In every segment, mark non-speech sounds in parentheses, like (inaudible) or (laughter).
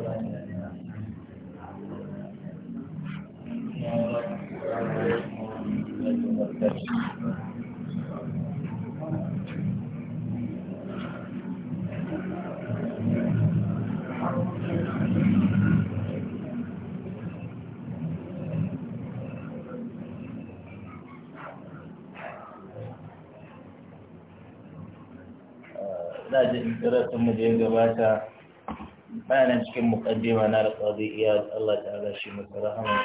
na jin kira sun mu da ya gabata bayanan cikin mukaddima na da qadi iya Allah ala shi masa rahama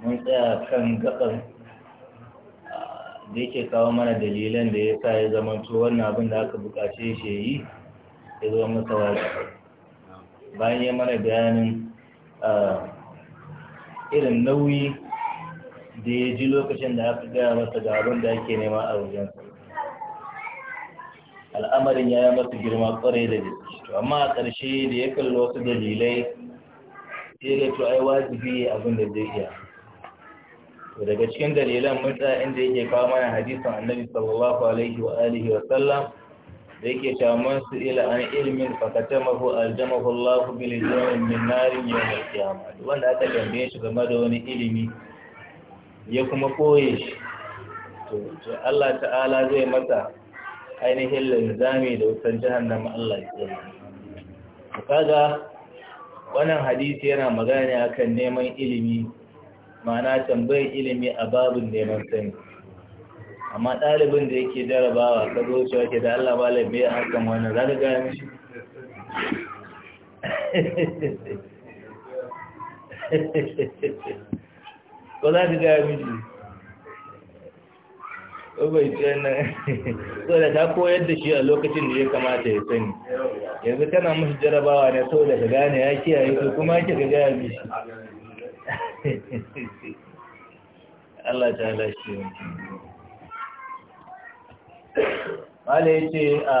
mun tsaya kan gaban da yake kawo mana dalilan da ya sa ya to wannan abin da aka bukace shi yi ya zo masa wajen bayan ya mana bayanin irin nauyi da ya ji lokacin da aka gaya masa ga abin da ake nema a wajensa al'amarin ya yi masa girma kwarai da gaske to amma a ƙarshe da ya kalli wasu dalilai sai da to ai wajibi abin da zai iya to daga cikin dalilan mutsa inda yake kawo mana hadisan annabi sallallahu alaihi wa alihi wa sallam da yake shaman su ila an ilmin fakatamahu aljamahu Allah bil jamin min narin yawm al-qiyamah wanda aka tambaye shi game da wani ilimi ya kuma koye shi to Allah ta'ala zai masa ainihin linzami da wutan jahannama Allah ya tsare kaga wannan hadisi yana magana akan neman ilimi ma'ana tambayar ilimi a babin neman sani amma ɗalibin da yake jarabawa ka zo cewa ke da Allah ba laifi a harkan wannan za ka gane shi. (laughs) ko za ka ubaice nan so da ta koyar da shi a lokacin da ya kamata ya sani yanzu tana mashi jarabawa ne so da ta gane ya kiyaye to kuma ake ga gaya mishi Allah ta lashe ya ce a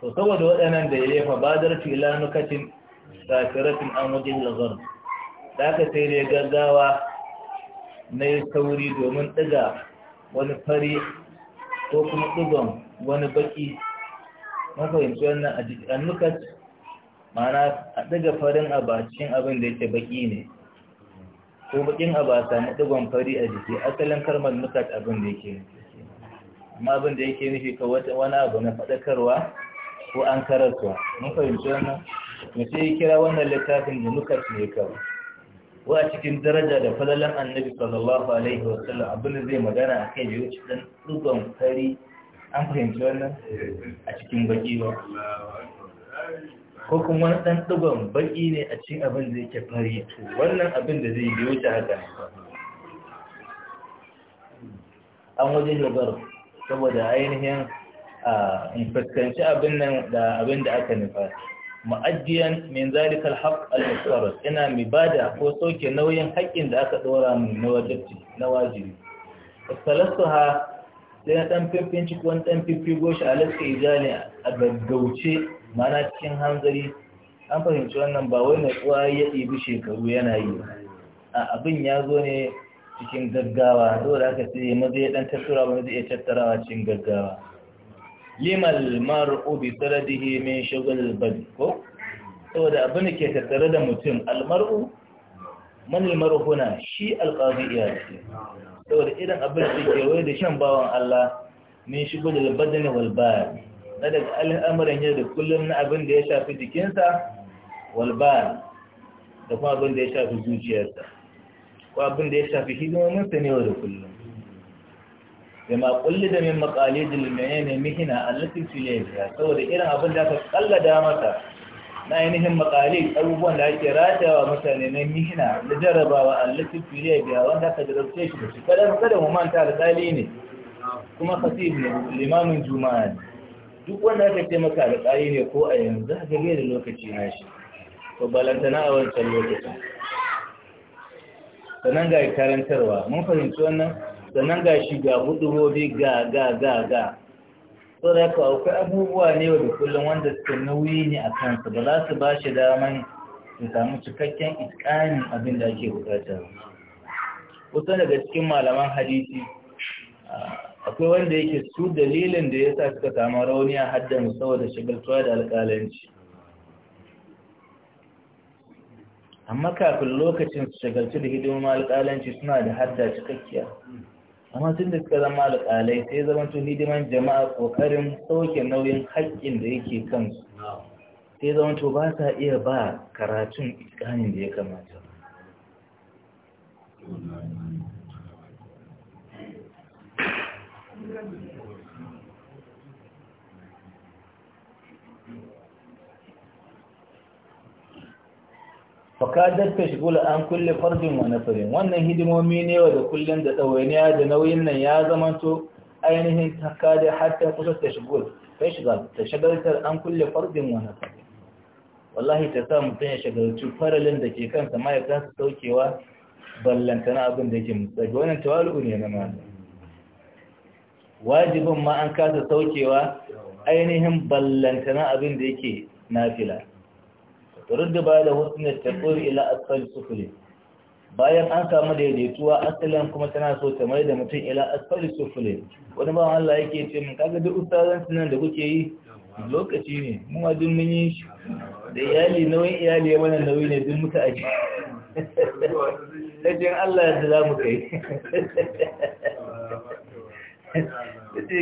to saboda waɗannan da ya lefa ba zara lokacin ila nukacin sakirafin an wajen lagar da aka sai gaggawa na yi sauri domin ɗiga wani fari ko kuma ɗigon wani baki mafahimci wannan a an nukas ma'ana a ɗiga farin abu a cikin abin da yake baki ne ko bakin ba a samu ɗigon fari a jiki asalin karmar nukas abin da yake amma abin da yake nufi ka wani abu na faɗakarwa ko an karatuwa mun fahimci wannan mutum ya kira wannan littafin da nukas ne kawai wa a cikin daraja da falalan annabi sallallahu alaihi wa sallam abin da zai magana a kai bai wuce dan dukan fari an fahimci wannan a cikin baki ba ko kuma wani dan dukan baki ne a cikin abin da yake fari to wannan abin da zai biyo ta haka an waje bar saboda ainihin a fuskanci abin nan da abin da aka nufa ma'ajiyan min zalikal haqq al mai ina mai bada ko sauke nauyin haƙƙin da aka dora min na wajibi na wajibi salasuha sai na dan fiffin ci wani dan fiffi goshi a laska ijali a gaggauce mana cikin hanzari an fahimci wannan ba wai na tsuwa ya ɗibi shekaru yana yi a abin ya zo ne cikin gaggawa saboda haka sai maza ya dan wani zai iya tattarawa cikin gaggawa limal mar'u bi saradihi min shagal badi ko saboda abin da ke tattare da mutum almar'u manil marhuna shi alqadi iya ce saboda idan abin da ke waye da shan bawan Allah min shigo da badan wal bayan na daga al'amuran yau da kullum na abin da ya shafi jikinsa wal bayan da kuma abin da ya shafi zuciyarsa ko abin da ya shafi hidimominsa ne yau da kullum bima da min maqalidil menene mihina allati filayha saboda irin abin da aka kallada masa na ainihin maqalid abubuwan da ake ratawa mutane na mihina da jarabawa allati filayha wanda aka jarabce shi da shi kada kada mu manta alƙali ne kuma khatib ne limamin juma'a ne duk wanda aka ce maka alƙali ne ko a yanzu haka bai da lokaci na shi to balantana a wancan lokacin sannan ga karantarwa mun fahimci wannan sannan ga shi ga hudubobi ga ga ga ga so da ka akwai abubuwa ne wa da kullum wanda suka nauyi ne a kansu ba za su ba shi damar su samu cikakken iskanin abin da ake bukata kusa daga cikin malaman hadisi akwai wanda yake su dalilin da ya sa suka samu rauni a haddan saboda shagaltuwa da alƙalanci amma kafin lokacin su shagaltu da hidimomin alkalanci suna da hadda cikakkiya amma tun da suka zama alƙalai sai zama tun hidiman jama'a ƙoƙarin sauke nauyin haƙƙin da yake kansu sai zama tun ba sa iya ba karatun iskanin da ya kamata fakadar ta shigula an kulle farjin wa farin wannan hidimomi ne wa da kullum da ɗawainiya da nauyin nan ya zamanto ainihin takadar hatta kusa ta shigul ta shiga ta shagaltar an kulle farjin wa farin wallahi ta sa mutum ya shagaltu faralin da ke kansa ma ya kasa saukewa na abin da yake mutsaji wannan tawalu ne na malam wajibin ma an kasa saukewa ainihin ballanta na abin da yake nafila rudda ba da husnul kori ila asfal sufli bayan an samu daidaituwa asalin kuma tana so ta mai da mutum ila asfali sufule wani ba Allah yake ce min kaga duk ustazan sunan da kuke yi lokaci ne mu ma duk mun yi shi da iyali nauyin iyali ya mana nauyi ne duk muka aji jin Allah ya za mu kai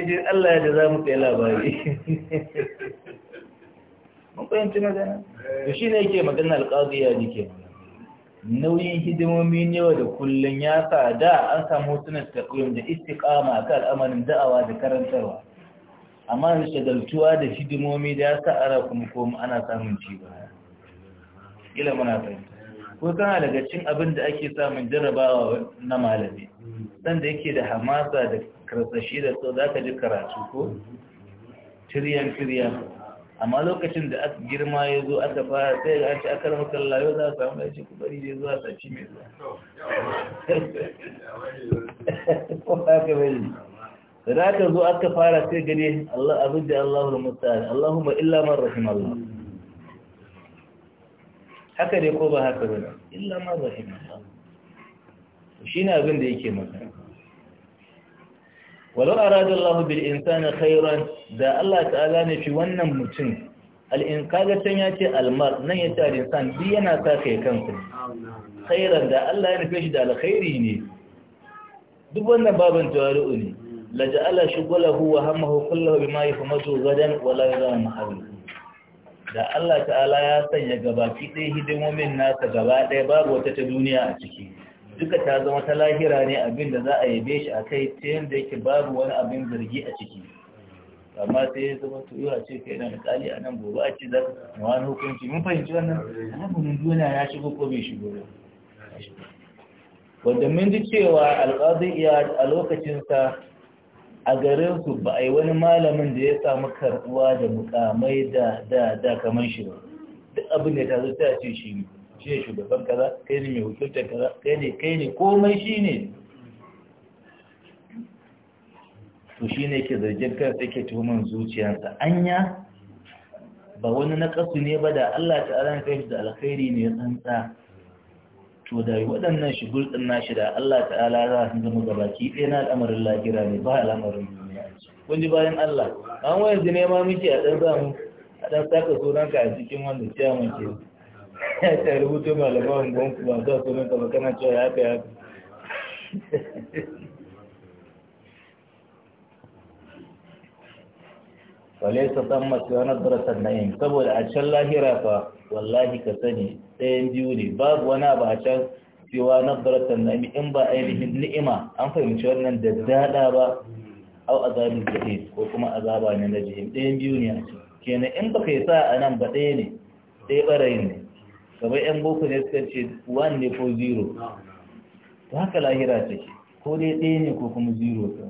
jin Allah ya za mu kai labari mun fahimci magana Da shi ne yake magana alƙazi ya jike nauyin hidimomi wa da kullum ya sa da an samu sunan takwim da istiƙama kan al'amarin da'awa da karantarwa amma da shagaltuwa da hidimomi da ya sa ara kuma kuma ana samun ci ba. ila muna fahimta ko kana daga cin abin da ake samun jarrabawa na malami dan da yake da hamasa da karsashi da so zaka ji karatu ko tiryan tiryan amma lokacin da aka girma ya zo aka fara sai ga ci aka rama yau za a samu ya ce ku bari zai zuwa saci mai zuwa ko aka bari da aka zo aka fara sai gani Allah abin da Allahu musta'an Allahumma illa man rahim Allah haka dai ko ba haka ne illa man rahim Allah ne abin da yake maka walau arada Allah bil insani khairan da Allah ta'ala ne fi wannan mutum al'in kaga can ya ce almar nan ya ce al'insan biyu yana sa yi kansa khairan da Allah ya nufe shi da alkhairi ne duk wannan baban tawari'u ne laja'ala shugulahu wa hamahu, kullahu bima yafmatu gadan wala yara da Allah ta'ala ya sanya gabaki ɗaya hidimomin nasa gaba ɗaya babu wata ta duniya a ciki duka ta zama ta lahira ne abin da za a yabe shi a kai ta yadda yake babu wani abin zargi a ciki amma sai ya zama to yawa ce kai na misali a nan gobe a ce za ka wani hukunci mun fahimci wannan alamunin duniya ya shigo ko bai shigo ba wanda mun ji cewa alƙazin iya a lokacinsa a garinsu ba a yi wani malamin da ya samu karɓuwa da mukamai da da da kamar shi ba duk abin da ta zo ta ce shi ne shi ne shugaban kaza kai ne mai hukuntar kaza kai ne kai ne komai shi ne to shi ne ke zargin kansa ke tuhumin zuciyarsa anya ba wani na kasu ne ba da Allah ta'ala ya kai da alkhairi ne tsantsa to da waɗannan shigul din nashi da Allah ta'ala za su zama gabaki ɗaya na al'amarin lagira ne ba al'amarin duniya kun ji bayan Allah an wayar da ne miki a ɗan zamu a ɗan saka sunanka a cikin wanda ciyaman ke ta rubuto malaman gwanku ba za su nan kama kana cewa ya fi ya fi wale su san masu wani darasar na'im saboda a can lahira fa wallahi ka sani ɗayan biyu ne babu wani abu a can cewa na darasar na'im in ba ainihin ni'ima an fahimci wannan da daɗa ba au azabin jahim ko kuma azaba ne na jahim ɗayan biyu ne a can kenan in ba yi sa a nan ba ɗaya ne ɗaya ɓarayin ne gaba yan boko ne suka ce one ne ko zero to haka lahira ce ko dai ɗaya ne ko kuma zero ta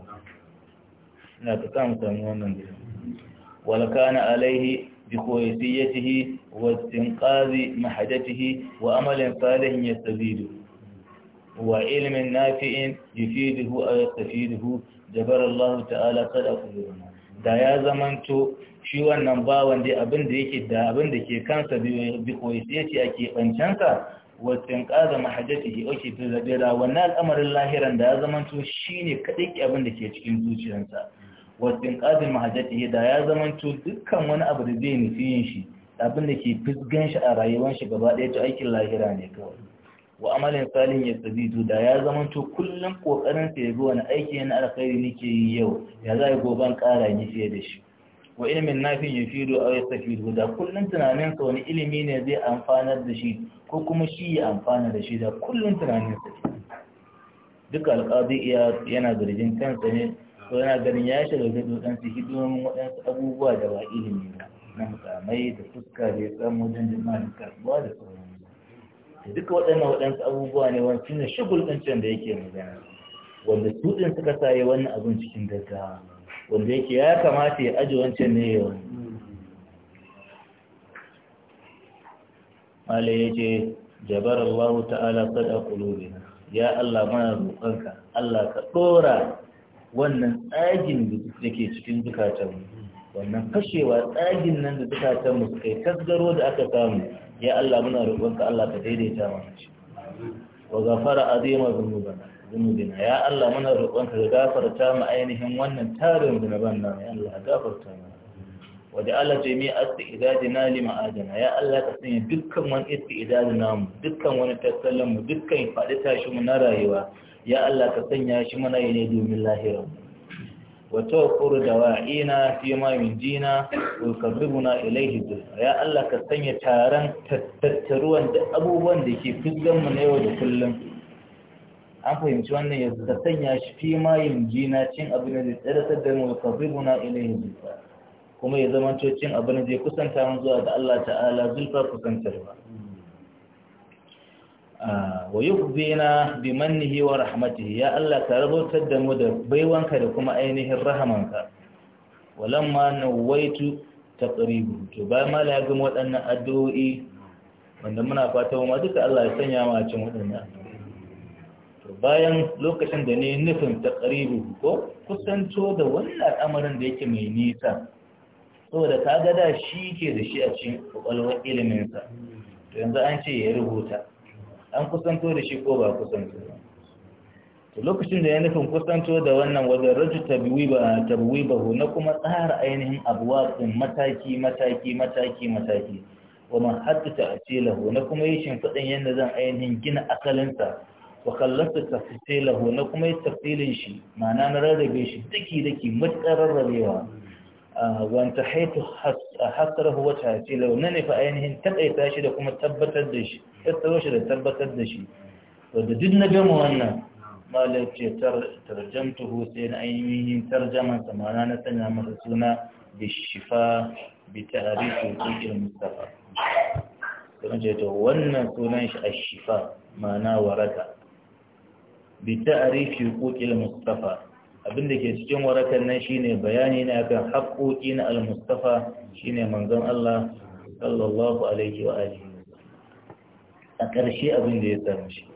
na ka samu samu wannan da walkana alaihi bi koyasiyatihi wa tinqazi mahajatihi wa amalin salihin yastazidu wa ilmin nafi'in yufiduhu a yastafiduhu jabara Allah ta'ala kada qulubana da ya zamanto shi wannan bawan dai abin da yake da abin da ke kansa bi koyisiyaci a keɓancensa ke ƙaza mahajjatihi oke da wannan al'amarin lahiran da ya to shine ne kaɗaiki abin da ke cikin zuciyarsa wasin ƙazin ke da ya to dukkan wani abu da zai nufi yin shi abin da ke fisgan shi a rayuwar shi gaba ɗaya ta aikin lahira ne kawai wa amalin salin ya to da ya zamanto kullum sa ya zo wani aiki na alkhairi nake yi yau ya za a yi goban ƙara ni fiye da shi wa ilimin nafin ya fi da ya tafi da kullum tunaninsa wani ilimi ne zai amfanar da shi ko kuma shi ya amfana da shi da kullum tunaninsa duka alƙadi yana zargin kansa ne ko yana ganin ya shiga da su hidimomin waɗansu abubuwa da ba ilimi ba na mukamai da fuska da ya samu wajen jama'in karbuwa da sauran da duka waɗannan waɗansu abubuwa ne wani shi ne ɗin can da yake magana wanda su suka sa wannan abin cikin gaggawa wanda yake ya kamata ya aji wancan ne yau mala ya ce jabar Allah ta'ala sada kulubina ya Allah mana roƙonka Allah ka ɗora wannan tsagin da ke cikin zukatanmu wannan fashewa tsagin nan da zukatanmu su kai tasgaro da aka samu ya Allah mana roƙonka Allah ka daidaita mana shi wa gafara azima zunubana zunubina ya Allah muna roƙonka da gafarta mu ainihin wannan tarin zunuban nan ya Allah gafarta mu waje Allah ce mi isti'dadina li ya Allah ka sanya dukkan wani isti'dadin namu dukkan wani tattalin mu dukkan faɗi tashi mu na rayuwa ya Allah ka sanya shi mana ne domin lahira wa tawfur dawa'ina fi ma yunjina wa kadribuna ilayhi ya Allah ka sanya taron tattaruwan da abubuwan da ke fizgan mu na yau da kullum an fahimci wannan ya ta sanya shi fi ma yanji na cin abu na zai da mu ya kafiru na yin zulfa kuma ya zama cin abu na zai kusanta mu zuwa ga Allah ta'ala zulfa ba ah, wa yufdina bi mannihi wa rahmatihi ya Allah ka rabautar da mu da baiwanka da kuma ainihin rahamanka walamma nawaitu taqribu to ba ma la ga waɗannan addu'o'i wanda muna fata mu duka Allah ya sanya mu a cikin waɗannan bayan lokacin da ne nufin ta ƙaribu ko kusanto da wannan al'amarin da yake mai nisa saboda ta gada shi ke da shi a cikin ƙwaƙwalwar iliminsa to yanzu an ce ya rubuta an kusanto da shi ko ba kusanto to lokacin da ya nufin kusanto da wannan wajen raju ba na kuma tsara ainihin abuwa mataki mataki mataki mataki wa man haddata a na kuma yi shimfiɗin yadda zan ainihin gina asalinsa. wa kallasta tafsilahu na kuma yi tafsilin shi mana na rarrabe shi daki daki matsar rarrabewa wanta haitu hasarahu wata hasilahu na nufa ainihin taƙaita shi da kuma tabbatar da shi tattaro shi da tabbatar da shi wadda duk na gama wannan malar ce tarjamtuhu sai na ainihin tarjaman samana na sanya masa suna da shifa bi tare da kirkin mustafa sunan ce to wannan sunan shi a shifa ma'ana waraka bi ta'arifi huquqil mustafa abinda ke cikin warakan nan shine bayani ne akan haƙoƙi na al-mustafa shine manzon Allah sallallahu alaihi wa alihi a ƙarshe abin da ya samu shi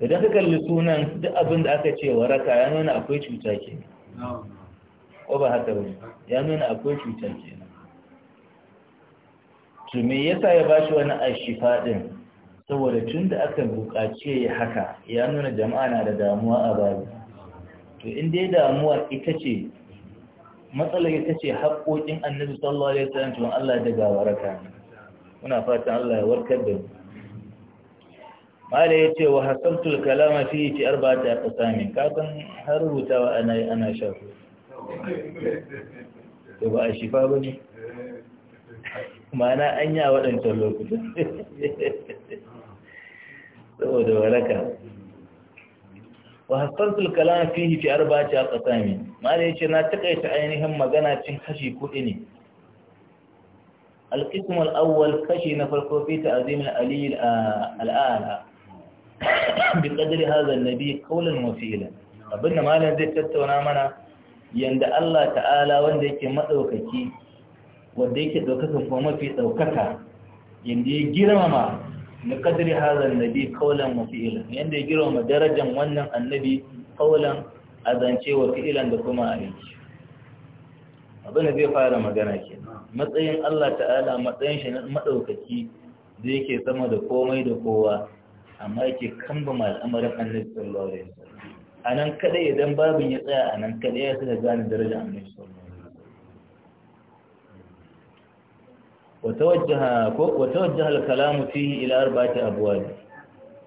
idan ka kalli sunan duk abin da aka ce waraka ya nuna akwai cuta ke ko ba haka ba ya nuna akwai cuta ke to me yasa ya bashi wani ashifa din saboda tun da aka buƙaci ya haka ya nuna jama'a na da damuwa a bayan to in dai damuwa ita ce matsalar ita ce haƙoƙin annabi sallallahu alaihi wasallam to Allah daga waraka muna fatan Allah ya warkar da mu mala yace wa hasabtul kalama fi ti arba'ata aqsami ka san har rutawa ana ana shafu to ba a shifa bane ma'ana anya waɗancan lokutan (laughs) saboda waraka wa hasantul kalam fihi fi arba'ati aqsami ya yace na takaita ainihin magana cin kashi kuɗi ne القسم الأول كشي نفرق في تعظيم الألي الآلة بقدر هذا nabi قولا wasila abinda malam zai tattauna mana yanda Allah ta'ala wanda yake madaukaki wanda yake daukakan kuma mafi daukaka yanda ya girmama na kadri hazan nabi kaulan wa fi'ilan yanda ya girma darajan wannan annabi kaulan a zance wa fi'ilan da kuma aiki abin da zai fara magana ke matsayin Allah ta'ala matsayin shi na maɗaukaki da yake sama da komai da kowa amma yake kamba al'amarin annabi sallallahu alaihi wasallam a nan kada idan babin ya tsaya a nan kada ya tsaya gane darajar annabi sallallahu وتوجه الكلام فيه إلى أربعة أبواب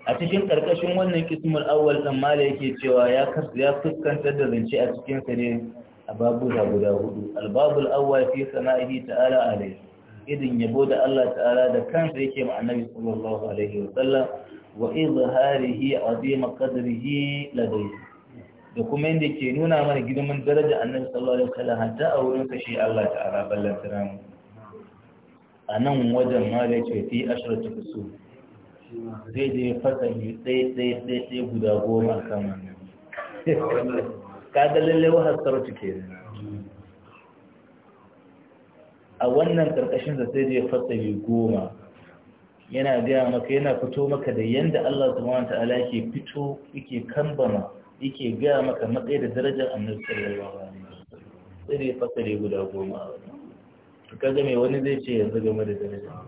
a cikin ƙarƙashin wannan kismul awwal ɗan mala yake cewa ya fuskantar da zance a cikin sa ne a babula guda hudu albabul awwal fi sana'ihi ta'ala alayhi idin yabo da Allah ta'ala da kansa yake ma annabi sallallahu alaihi wa sallam da kuma yadda ke nuna mana girman daraja annabi sallallahu alaihi wa sallam hatta a wurin sa shi Allah ta'ala ballantana mu a nan wajen da ce fi ashirar ta su zai je tsaye tsaye guda goma a kan wannan ga lalle wahar sarauta ke a wannan karkashin da sai je yi goma yana gaya maka yana fito maka da yanda Allah subhanahu ta'ala yake fito yake kambama yake gaya maka matsayi da darajar annabi sallallahu alaihi wasallam sai dai fasare guda goma a wannan to kaga mai wani zai ce yanzu game da daraja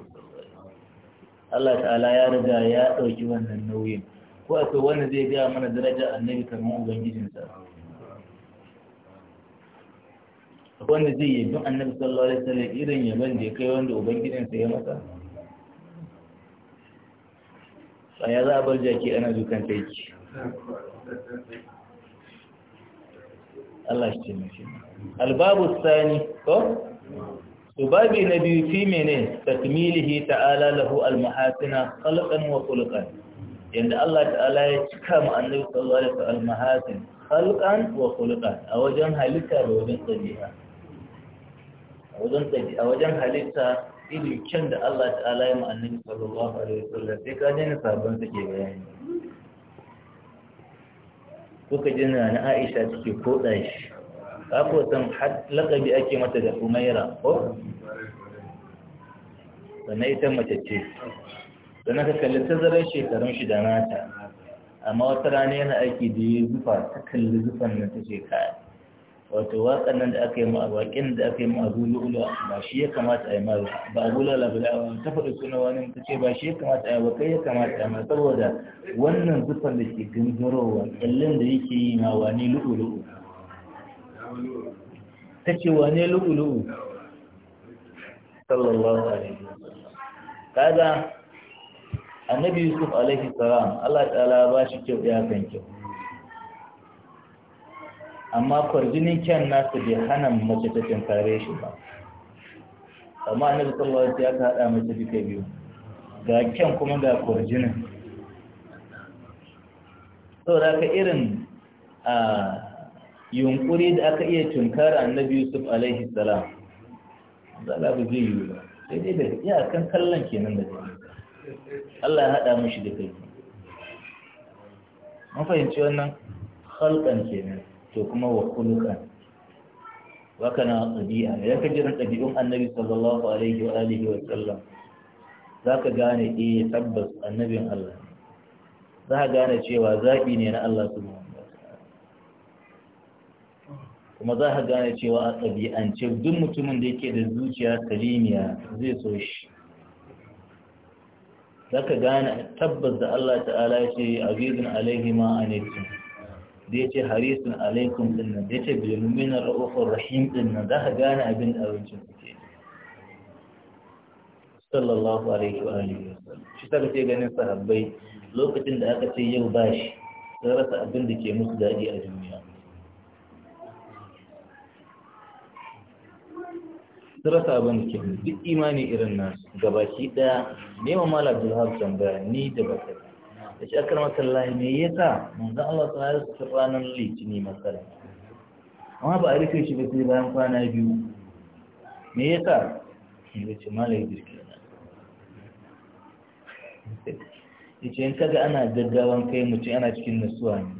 Allah ta'ala ya riga ya ɗauki wannan nauyin ko akwai wani zai gaya mana daraja annabi kamar ubangijinsa akwai wanda zai yabi annabi sallallahu alaihi wasallam irin yaban da ya kai wanda ubangijinsa ya masa a ya za a bar jaki ana dukan taiki Allah shi ce mashi albabu sani ko to na biyu fi mene takmilihi ta'ala lahu al-mahasina khalqan wa Allah ta'ala ya cika mu annabi sallallahu alaihi wasallam mahasin a wajen halitta da wajen a wajen tabi'a a wajen halitta da Allah ta'ala ya mu annabi sallallahu alaihi wasallam sai ka jina sabon take bayani kuka jina na Aisha take koda shi ka ko san lakabi ake mata da humaira ko sannan ita mace ce sannan ka kalli tazarar shekarun shi da nata amma wata rana yana aiki da ya zufa ta kalli zufan nan ta shekara kaya wato waƙan nan da aka yi ma waƙin da aka yi ma zulula ba shi ya kamata a yi ma'a ba a zulula ba ta faɗi suna wani ta ce ba shi ya kamata a yi ba kai ya kamata a yi ma saboda wannan zufan da ke gangarowa kallon da yake yi ma wani lu'ulu'u ta ce wane lu'ulu'u sallallahu alaihi kaga annabi yusuf alaihi salam Allah ta'ala ba shi kyau ya kan kyau amma kwarjinin kyan nasu bai hana mace ta tare shi ba amma annabi sallallahu alaihi wasallam ya haɗa mace duka biyu ga kyan kuma ga kwarjinin da ka irin a ah, yunkuri da aka iya tunkar annabi yusuf alaihi salam zala zai yi ba sai dai da ya kan kallon kenan da kuma Allah ya haɗa mashi da kai mun fahimci wannan halkan kenan to kuma wa kulukan na ɗabi'a idan ka jiran ɗabi'un annabi sallallahu alaihi wa alihi wa sallam za ka gane eh tabbas annabin Allah za ka gane cewa zaɓi ne na Allah subhanahu kuma za ka gane cewa a ɗabi'ance duk mutumin da yake da zuciya salimiya zai so shi za ka gane tabbas da Allah ta'ala ya ce azizun alaihi ma anaitum da ya ce harisun alaikum din nan da ya ce bilmumina ra'ufin rahim din za ka gane abin da abincin suke sallallahu alaihi wa alihi shi ta ce ganin sahabbai lokacin da aka ce yau bashi sun rasa abin da ke musu daɗi a duniya rasa abin ke duk imani irin nan gabaki daya nema mala abdulhab tambaya ni da ba kai da shi akar masallahi me yasa manzon Allah sallallahu alaihi wasallam ranar litini masala amma ba a rufe shi ba sai bayan kwana biyu me ya sa, ya ce mala ya girki na ya ce in kaga ana gaggawan kai mutum ana cikin nasuwa ne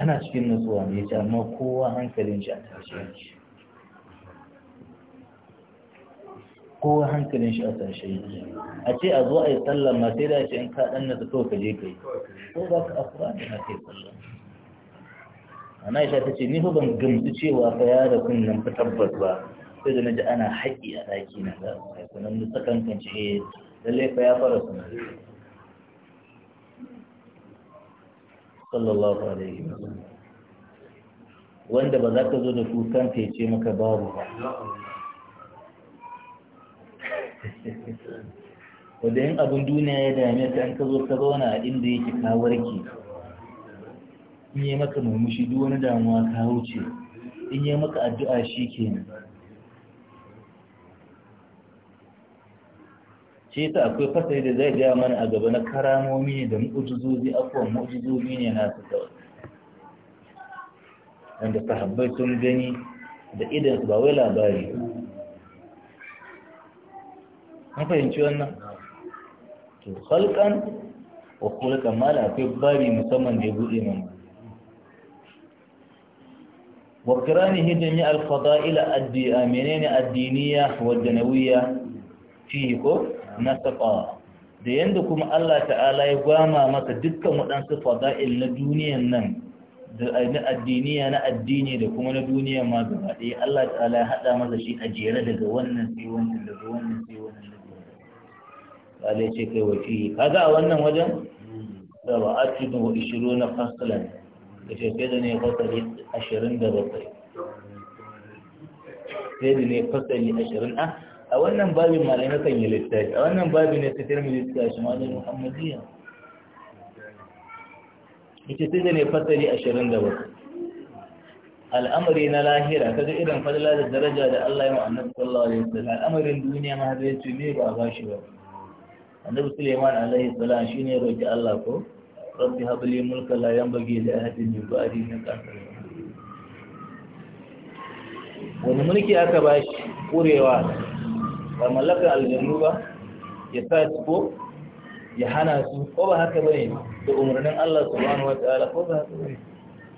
ana cikin nasuwa ne ya ce amma kowa hankalin shi a tashi yanki kowa hankalin shi a tashe a ce a zo a yi sallar ma sai da ce in ka dan na zato ka je ka yi ko ba ka afuwa ne na kai sallar ana isa ta ce ni ban gamsu cewa fa ya da kun nan fa tabbas ba sai da naji ana haƙi a ɗaki na da kai kuma mun sakan kan ce eh lalle fa ya fara sunan sallallahu alaihi sallam wanda ba za ka zo da kukan ta ya ce maka babu ba wadda yin abin duniya ya dame ta an ka zo ka zauna a inda yake kawar warke in yi maka murmushi duk wani damuwa ka wuce in yi maka addu'a shi kenan ce ta akwai fasari da zai gaya mana a gaba na karamomi ne da mu'ujizozi akwai mu'ujizozi ne na su kawai wanda sahabbai sun gani da idan su ba wai labari ba an fahimci wannan to halkan wa kulkan akwai babi musamman da ya buɗe mana wa kiranihi jami'a al-fada'ila ad-di'a menene ad-diniya wa danawiyya fihi ko nasaqa da yanda kuma Allah ta'ala ya gwama masa dukkan waɗansu fada'il na duniyan nan da na addiniya na addini da kuma na duniya ma gaba ɗaya Allah ta'ala ya haɗa masa shi a jere daga wannan sai wannan daga wannan sai wannan kale ce kai wafi kaga a wannan wajen da ba a cikin wa ishiru na fasilan da ce sai da ne fasali ashirin da bakwai sai da ne fasali ashirin a a wannan babin malai na kan yi littafi a wannan babin ne sai tirmidhi suka shi malai muhammadiyya ita sai da ne fasali ashirin da bakwai al'amari na lahira kaga irin fadla da daraja da Allah ya wa annabi sallallahu alaihi wasallam al'amarin duniya ma zai ce ne ba a bashi ba annabi Suleiman alaihi salam ne roki Allah ko rabbi habli mulka la bagi da ahadin min ba'di min wani mulki aka ba shi kurewa ba mallakar aljannu ba ya sa su ko ya hana su ko ba haka bane da umarnin Allah subhanahu wataala ko ba haka bane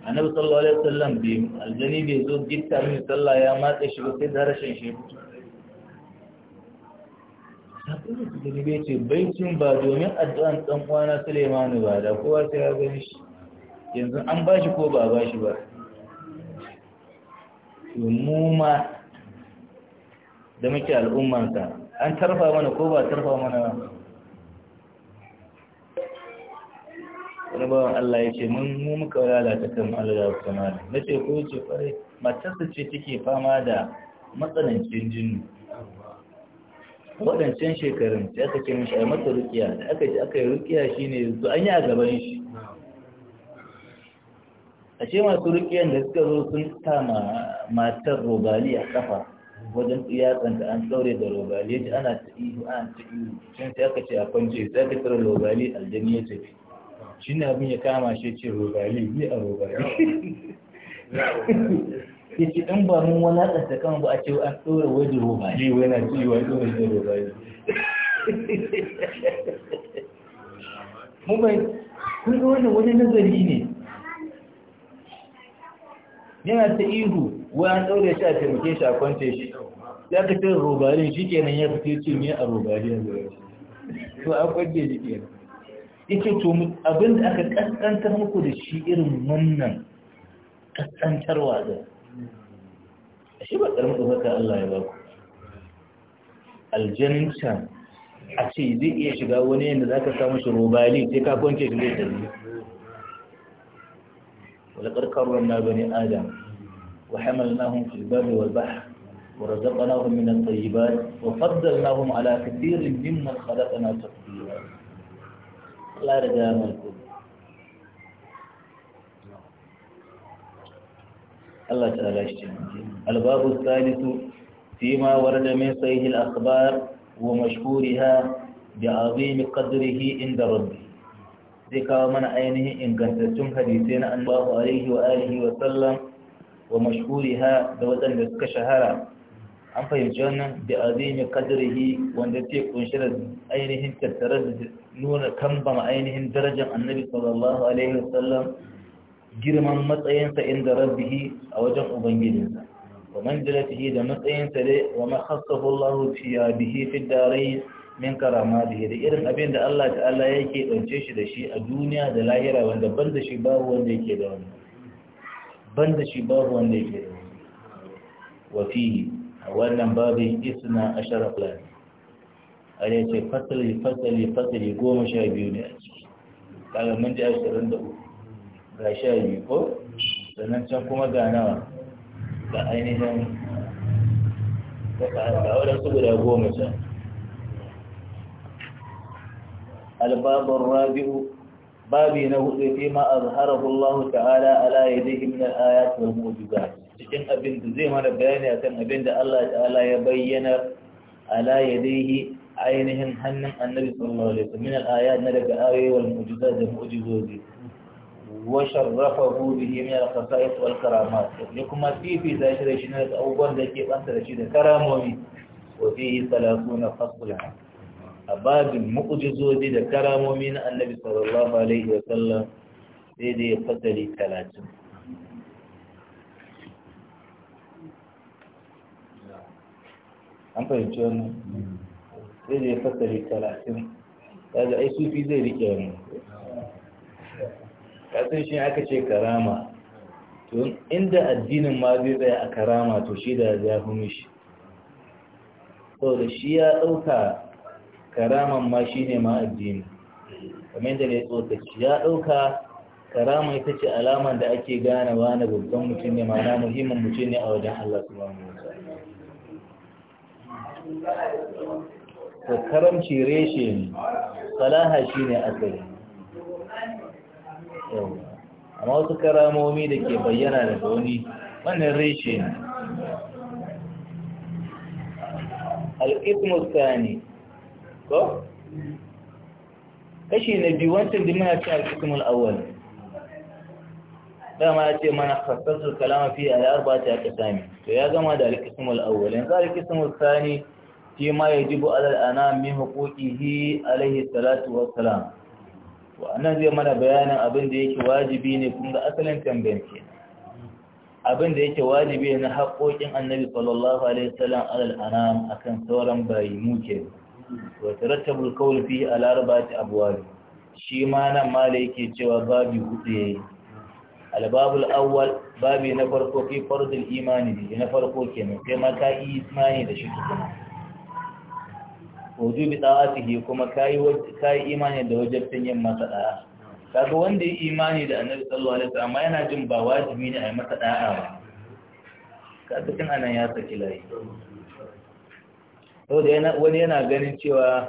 annabi sallallahu alaihi wasallam bai aljani bai zo gitta min sallah ya matsa shi ba sai da rashin shi haƙuri da ce baitin ba domin addu'an ɗan kwana sulemanu ba da kowa sai ya gani shi yanzu an ba shi ko ba ba shi ba mu ma da muke al'ummansa an tarfa mana ko ba tarfa mana ba wani bawan Allah ya ce mun mu muka lalata kan Allah ya kuma na ce ko ce kwarai matarsa ce take fama da matsanancin jinnu waɗancan shekarun da aka ce mishi a mata rukiya da aka ce aka yi rukiya shi ne su an yi a gaban shi a ce masu rukiyan da suka zo sun kama matar robali a kafa wajen tsiyatsan da an tsaure da robali ya ce ana ta ihu ana ta ihu can sai aka ce a kwance sai aka tsara robali aljani ya tafi shi ne abin ya kama shi ce robali ni a robali sai ɗan in ba mun wani kama kan ba a ce an ɗora wajen roba ne ci wa ɗora wajen roba ne mun bai kun ga wannan wani nazari ne yana ta ihu wa an ɗaure shi a taimake shi a kwance shi ya ka roba robarin shi kenan ya fito ce ne a roba ne zuwa to an kwance shi kenan yake to abinda aka kaskantar muku da shi irin wannan kaskantarwa zai shi ba ƙarfi haka Allah ya ba ku aljanin can a ce zai iya shiga wani yadda za ka samu shi robali sai ka kwanke shi zai tarbi wala ƙarƙarwar na bani adam wa hamalnahum fil barri wal bahr na من الطيبات وفضلناهم على كثير ممن خلقنا تفضيلا لا رجاء ملكوت Allah ta'ala shi albabu salisu فيما ورد من صحيح inda ومشهورها بعظيم kawo mana ainihin ذكر من na إن كنتم حديثين عن الله عليه وآله وسلم ومشهورها دوزن suka shahara. an fahimci wannan da azimi kadrihi wanda ke kunshe da ainihin tattare da nuna kambama ainihin darajar annabi sallallahu alaihi sallam. girman matsayinsa inda rabbihi a wajen ubangijinsa wa manzilatihi da matsayinsa dai wa ma khassahu fiya bihi fi darain min karama da irin abin da Allah ta'ala yake dauke shi da shi a duniya da lahira wanda ban da shi babu wanda yake da wani ban da shi babu wanda yake da wani wa fihi wannan babin isna ashara plan ale ce fasali fasali fasali goma sha biyu ne a ciki kaga mun ji ashirin da uku ga sha biyu ko sannan can kuma ga nawa ga ainihin ga waɗansu guda goma can Albabar rabi'u babi na hudu fi ma azharahu Allah ta'ala ala yadihi min al-ayat wal mu'jizat cikin abin da zai mana bayani akan abin da Allah ta'ala ya bayyana ala yadihi ainihin hannun annabi sallallahu alaihi wasallam min al-ayat na daga ayoyi wal mu'jizat da mu'jizozi وشرفه به من الخصائص والكرامات لكم في في الشنات أو أول ذكي أنت رشيد كرامومي وفيه ثلاثون فصلا أباب المؤجزود كرامومين النبي صلى الله عليه وسلم سيدي قتلي ثلاثون أنت يجون wannan zai zai fasari talatin ta da ai sufi kasan shi aka ce karama to inda addinin ma zai tsaya a karama to shi da ya fi mishi so da shi ya ɗauka karaman ma shi ne ma addini kamar yadda ne tsotacci ya ɗauka karama ita ce alaman da ake gane wani babban mutum ne ma'ana muhimmin mutum ne a wajen Allah subhanahu wa to karamci reshe ne salaha shine asali amma wasu karamomi da ke bayyana daga wani wannan reshe ne alƙismus ne ko? kashi na biyu wancan dimina ce alƙismul awal dama ya ce mana fasassu kalama fiye a yarba ta ya sami to ya gama da alƙismul awal yanzu alƙismul sani fi ma ya jibu alal'ana min hukuki hi alaihi salatu wasu salam to anan zai mana bayanin abin da yake wajibi ne kun ga asalin tambayan abin da yake wajibi ne na haƙoƙin annabi sallallahu alaihi wasallam alal a kan sauran bayi muke ke wa tarattabu al-qawl fihi ala arba'ati abwab shi ma nan mala yake cewa babi hudu ya yi. babul awwal babi na farko fi fardul imani na farko kenan kai ma ka yi imani da shi tukuna wujubi da'atihi kuma kai kai imani da wajibin yin masa da'a kaga wanda ya imani da annabi sallallahu alaihi wasallam yana jin ba wajibi ne a yi masa da'a ba kaga kin anan ya saki layi to da yana wani yana ganin cewa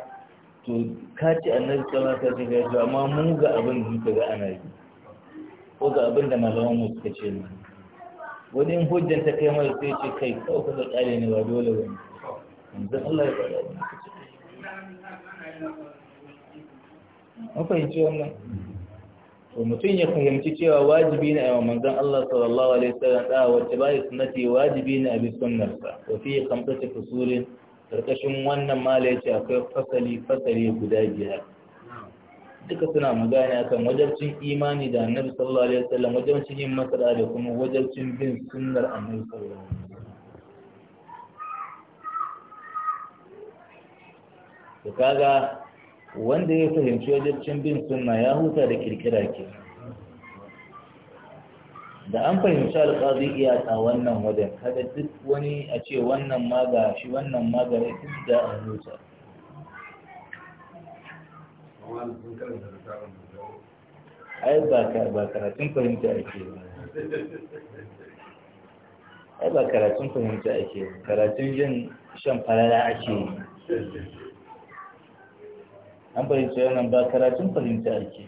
to kaci annabi sallallahu alaihi wasallam ya amma mu ga abin da kaga ana yi ko ga abin da malaman mu suka ce ne wani in hujjan ta kai mai sai ce kai kawai ka da ne ba dole ba yanzu Allah ya faɗa ne mafahimci wannan to mutum ya fahimci cewa wajibi ne a yawan manzan Allah sallallahu alaihi wasallam da wacce ba ya sunnati wajibi ne a bi sunnarsa to fi kamtata fusulin karkashin wannan mala yace akwai fasali fasali guda biyar duka suna magana akan wajabcin imani da annabi sallallahu alaihi wasallam wajabcin yin masara da kuma wajabcin bin sunnar annabi sallallahu alaihi wasallam to kaga wanda ya fahimci wajibcin bin sunna ya huta da kirkira ke da an fahimci alƙazi iya a wannan wajen kada duk wani a ce wannan ma ga shi wannan ma ga duk da an huta ai ba karatun fahimta ake ba ai ba karatun fahimta ake karatun jin shan falala ake yi an fahimci wannan ba karatun fahimta ake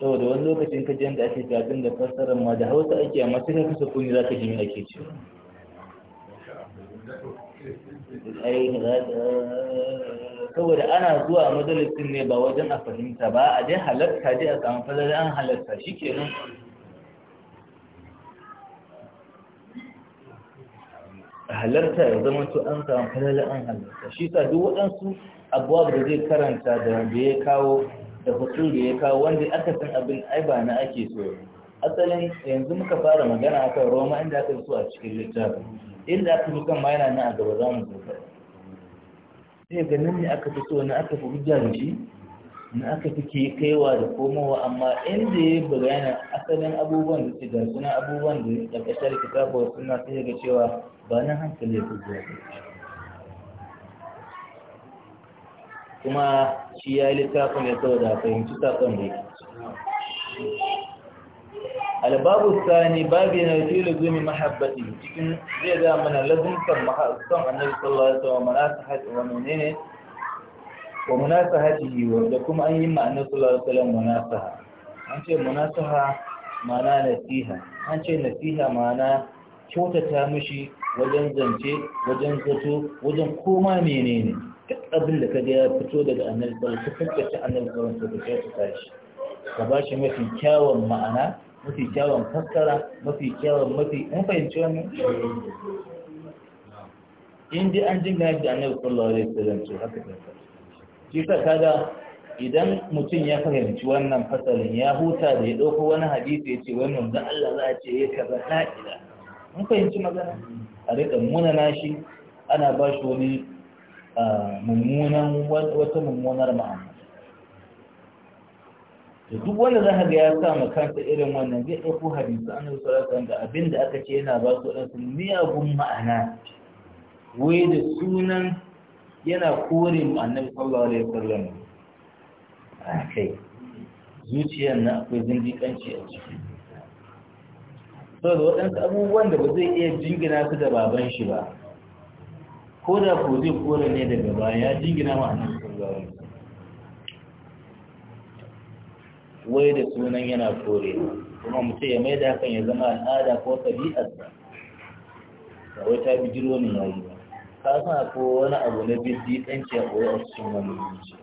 saboda wani lokacin ka jiyan da ake gajin da fassarar ma da hausa ake a masu ka kasa kuni za ka jimi ake ce saboda ana zuwa majalisun ne ba wajen a fahimta ba a dai halatta dai a samun falalar an halatta kenan. halarta ya zama to an samu falala an halarta shi sa duk waɗansu abuwa da zai karanta da da ya kawo da hutu da ya kawo wanda aka san abin ai ba na ake so asalin yanzu muka fara magana akan roma inda aka so a cikin littafi inda aka fi kan yana a gaba za mu zo sai ganin ne aka fi so na aka fi hujja da shi na aka fi kaiwa da komowa amma inda ya bayyana asalin abubuwan da su ga suna abubuwan da ya ƙarƙashar kitabu suna sai ga cewa ba na hankali ya fi kuma shi ya yi littafin ya saboda fahimci saƙon da yake albabu sani babu yana fi lazumi mahabbatin cikin zai ga mana lazumkan son annabi sallallahu alaihi wasallam mana ta haɗa wa menene wa munasahatihi wanda kuma an yi ma'anar sallallahu alaihi wasallam munasaha an ce munasaha ma'ana nasiha an ce nasiha ma'ana kyautata mishi wajen zance wajen zato wajen koma menene duk abin da kaga ya fito daga annabi sallallahu alaihi wasallam ka annabi sallallahu alaihi wasallam ka tashi ka ba shi mafi kyawun ma'ana mafi kyawun fassara mafi kyawun mafi in fahimci wannan in dai an gani da annabi sallallahu alaihi wasallam to haka ne shi sa kaga idan mutum ya fahimci wannan fasalin ya huta da ya ɗauko wani hadisi ya ce wannan da Allah za a ce ya kaza la'ila mun fahimci magana a riƙa munana shi ana ba shi wani mummunan wata mummunar ma'amma da duk wanda za ka ga ya sa ma kansa irin wannan zai ɗauko hadisi an yi salatan da abin da aka ce yana ba su waɗansu miyagun ma'ana wai da sunan yana korin annabi sallallahu alaihi wasallam a kai zuciyar na akwai zindiƙanci a ciki saboda waɗansu abubuwan da ba zai iya jingina su da baban shi ba ko da ko zai kore ne daga baya ya jingina ma annabi sallallahu alaihi wasallam wai da sunan yana kore kuma mutum ya mai da hakan ya zama al'ada ko ɗabi'ar ba wai ta bijiro ne yayi ba ka san ko wani abu na biddi ɗanci a ɓoye a cikin wani zuci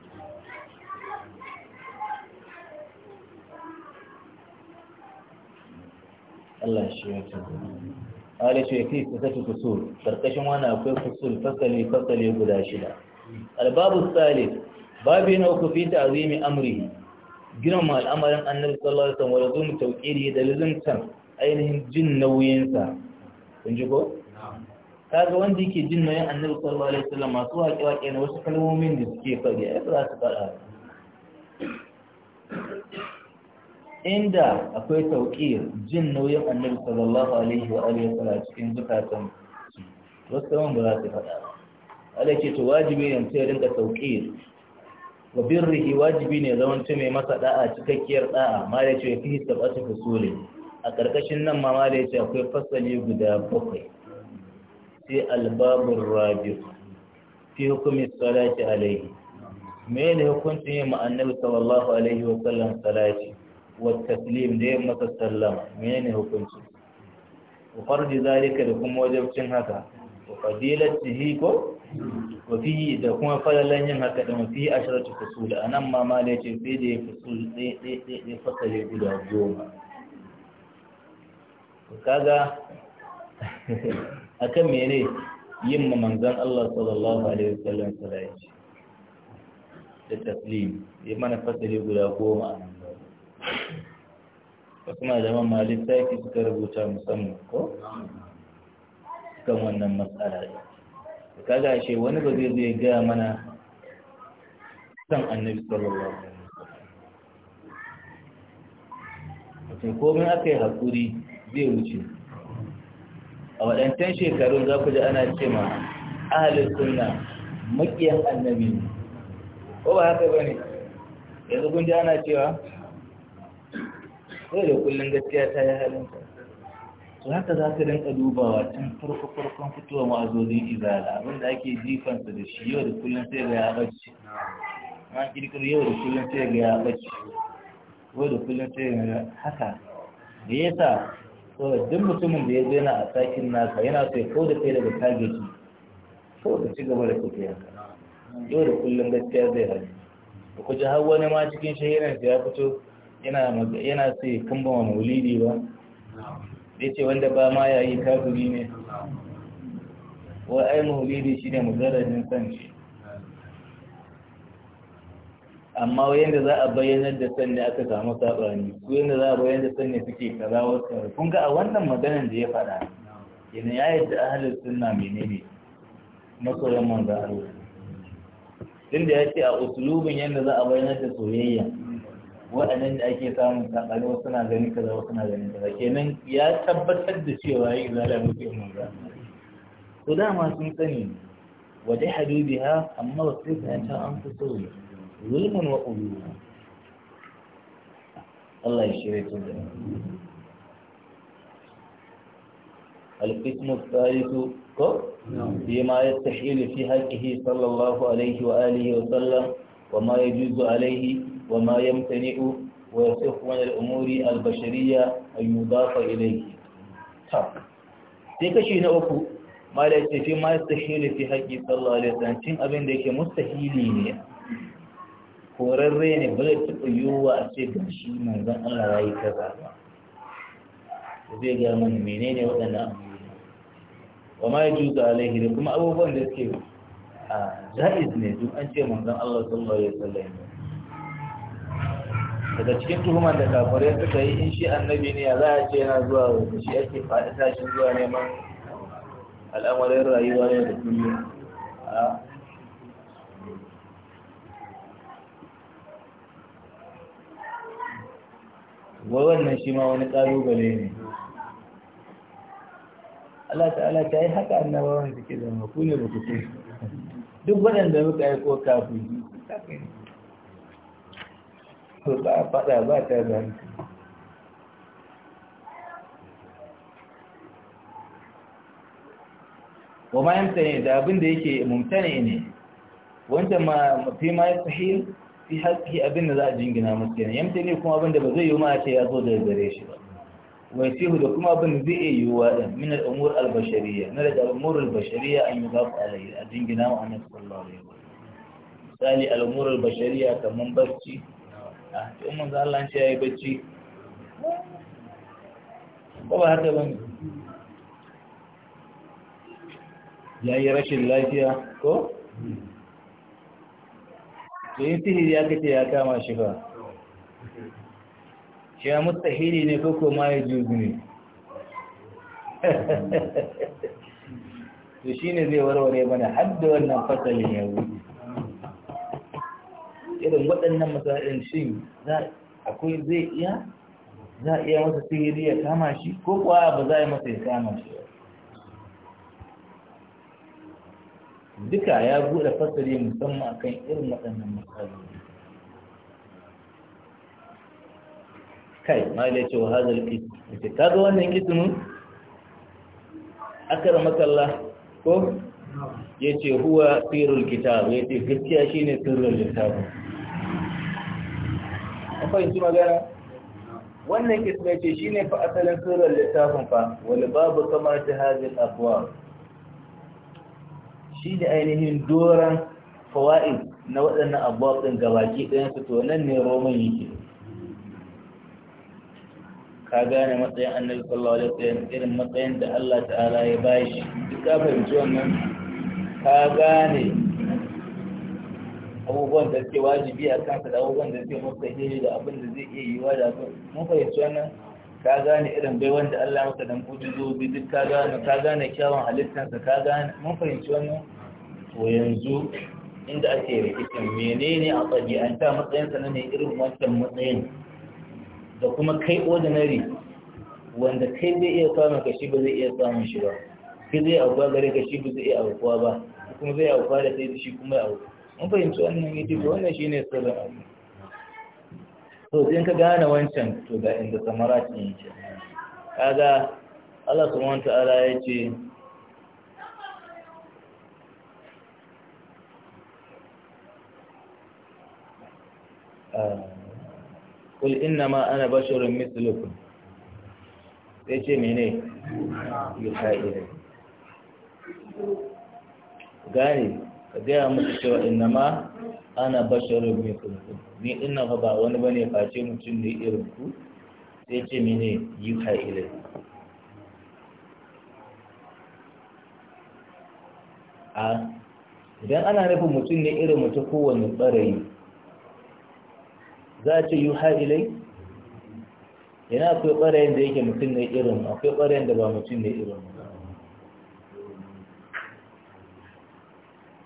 Allah shi ya tabbata ala shi fi tafi kusur karkashin wani akwai kusur fasali fasali guda shida albabu salif babu na uku fi ta'zimi amri? girma al'amarin annabi sallallahu alaihi wasallam wa lazum tawqiri da lazumtan ainihin jin nauyinsa kun ji ko kaga wanda yake jin nauyin annabi sallallahu alaihi wasallam masu waƙe waƙe na wasu kalmomin da suke fadi a ba za su faɗa inda akwai tauƙir jin nauyin annabi sallallahu alaihi wa alihi wasallam cikin zukatan wasu kalmomin ba za su faɗa Allah ke to wajibi ne mutum ya dinga tauƙir wa birrihi wajibi ne zamanci mai masa da'a cikakkiyar da'a ma da ce fi sab'atu fusulin a ƙarƙashin nan ma ma da ce akwai fasali guda bakwai sai albabun rabi fi hukumin salati alaihi mene hukuncin yin annabi sallallahu alaihi wa sallam salati wa taslim da yin masa sallam mene hukuncin wa farji zalika da kuma wajabcin haka wa fadilatihi ko wa fihi da kuma falalan yin haka da mafi asharatu fusul anan ma ma da yace sai da fusul dai dai dai fasale guda goma kaga akan mene yin ma manzan Allah sallallahu alaihi wasallam salati da taslim ya mana fasali guda goma a nan gaba. wasu malaman ma littafi suka rubuta musamman ko kan wannan matsala da kaga shi wani ba zai zai gaya mana san annabi sallallahu alaihi wasallam ko komai aka yi hakuri zai wuce a waɗancan shekarun za ku ji ana ce ma ahalin suna maƙiyan annabi ne ko ba haka ba ne yanzu kun ji ana cewa sai da kullum gaskiya ta yi halinta to haka za ka rinka dubawa tun farko farkon fitowa ma'azozin izala abinda ake jifansa da shi yau da kullum sai ga ya bacci ma kirkiro yau da kullum sai ga ya bacci yau da kullum sai ga haka da yasa saboda duk mutumin da ya zo yana a sakin nasa yana so ya da kai daga tageti ko da ci gaba da tafiya yau da kullum gaskiya zai hari da ji har wani ma cikin shahiran ya fito yana so ya kamba maulidi ba ya ce wanda ba ma yayi kafiri ne wa ai maulidi shine mujarradin san shi amma yadda za a bayyanar da sanne aka samu saɓani su yadda za a bayyanar da sanne suke kaza wasu kun ga a wannan maganar da ya faɗa yana ya yadda ahalin sunna menene masoyan manzo Allah din da ya ce a usulubin yadda za a bayyanar da soyayya wa'annan da ake samun saɓani wasu suna ganin kaza wasu suna ganin kaza kenan ya tabbatar da cewa ya yi zala mutu manzo Allah to dama sun sani wa jahadu biha amma wasu sai ta an fi soyayya zulman wa uluwa Allah ya shirya القسم الثالث فيما يستحيل في حقه صلى الله عليه وآله وسلم وما يجوز عليه وما يمتنع ويصح من الأمور البشرية أن يضاف إليه sai kashi na uku ma da ce fi ma yastahili fi haƙi sallallahu alaihi wasallam cin abin da yake mustahili ne korarre ne ba zai taɓa yiwuwa a ce ga shi manzon Allah ya yi kaza ba zai ga mana menene waɗannan abubuwa wa ma ya juza alaihi da kuma abubuwan da suke a ja'iz ne duk an ce manzon Allah sallallahu alaihi wasallam daga cikin tuhumar da kafirai suka yi in shi annabi ne ya za a ce yana zuwa wanda shi ake faɗi tashin zuwa neman al'amarin rayuwa ne da duniya wa wannan shi ma wani ƙalubale ne Allah ta'ala ta yi haka annabawa da ke zama ku ne ba ku ce duk waɗanda muka yi ko kafin ko ba a faɗa ba ta zama wa ma yamta ne da abin da yake mumtane ne wanda ma fi ma yi sahil fi haƙƙi abin da za a jingina musu kenan yamta ne kuma abin da ba zai yi ma ce ya zo daga gare shi ba wai sihu da kuma abin da zai iya yiwuwa ɗin min al'umur al-bashariya na daga al'umur al-bashariya an yi ba ku alayhi a jingina wa annabi sallallahu alaihi wa misali al'umur al-bashariya kamar barci a in mun za Allah ya yi barci ba ba haka ba ya yi rashin lafiya ko to sihiri ya kace ya kama shi ba shi ya mustahili ne ko kuma ya juzu ne (laughs) to shi ne zai warware mana hadda wannan fasalin ya wuce irin waɗannan masarar shi akwai zai iya za a iya masa sihiri ya kama shi ko kuwa ba za a yi masa ya kama shi duka ya buɗe fasari musamman akan irin waɗannan matsaloli kai ce wa hazal kisi da ta ga wannan kisinu aka ramakalla ko ya ce huwa sirrul kitab ya ce gaskiya shi ne sirrul kitab an fahimci magana wannan kisna ce shi ne fa asalin sirrul littafin fa wani babu kama ta hazin afuwa shi ne ainihin doron fawa'in na waɗannan abuwa ɗin gabaki ɗayansu to nan ne roman yake ka gane matsayin annabi sallallahu alaihi wasallam irin matsayin da Allah ta'ala ya bayi shi duk ka fahimci wannan ka gane abubuwan da suke wajibi a kansa da abubuwan da suke mustahihi da abin da zai iya yiwa da abin mun fahimci wannan ka gane irin bai wanda Allah maka dan bi duk ka gane ka gane kyawun halittarsa ka gane mun fahimci wannan to yanzu inda ake rikicin menene a ta matsayin sa ne irin wannan matsayin da kuma kai ordinary wanda kai zai iya samun kashi ba zai iya samun shi ba kai zai abuwa gare kashi ba zai iya abuwa ba kuma zai abuwa da sai shi kuma ya abu. mun fahimci wannan yadda wannan shine sirrin abu to sai ka gane wancan to ga inda samara ce yake kaga Allah ya subhanahu ta'ala yace قل إنما أنا بشر مثلكم yace mene yuha ilai gane ka gaya musu cewa innama ana basharun mai kunku ni ina fa ba wani bane face mutum ne irin ku sai ce mene yi ka ilai a idan ana nufin mutum ne irin mutu kowane ɓarayi za a ce yi ha ilai yana akwai ɓarayin da yake mutum ne irin akwai ɓarayin da ba mutum ne irin ba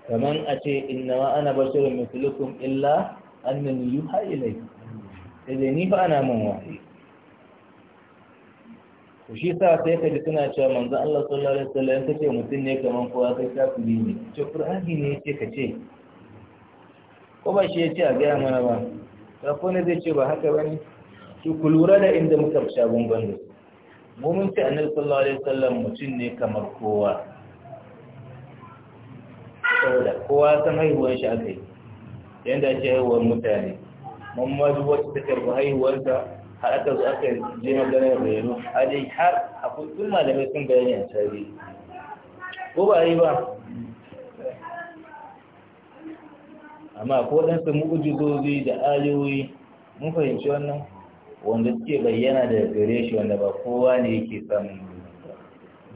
kaman a ce inna ma ana basharun mithlukum illa annani yuha ilai Da dai ni fa ana mun wahayi to shi sa sai ka ji suna cewa manzo Allah sallallahu alaihi wasallam ka ce mutum ne kamar kowa kai kafiri ne ce qur'ani ne ce ka ce ko ba shi yace a ga mana ba ka ko ne zai ce ba haka bane ki ku lura da inda muka fita gungun mu mun ce annabi sallallahu alaihi wasallam mutum ne kamar kowa saboda kowa san haihuwar shi aka yi yadda ake haihuwar mutane mamadu wacce ta karbi haihuwarsa har aka zo aka je maganar bayanu a dai har a kuntun malamai sun bayani a tare ko ba yi ba amma ko dan su mu'ujizozi da ayoyi mun fahimci wannan wanda suke bayyana da gare shi wanda ba kowa ne yake samun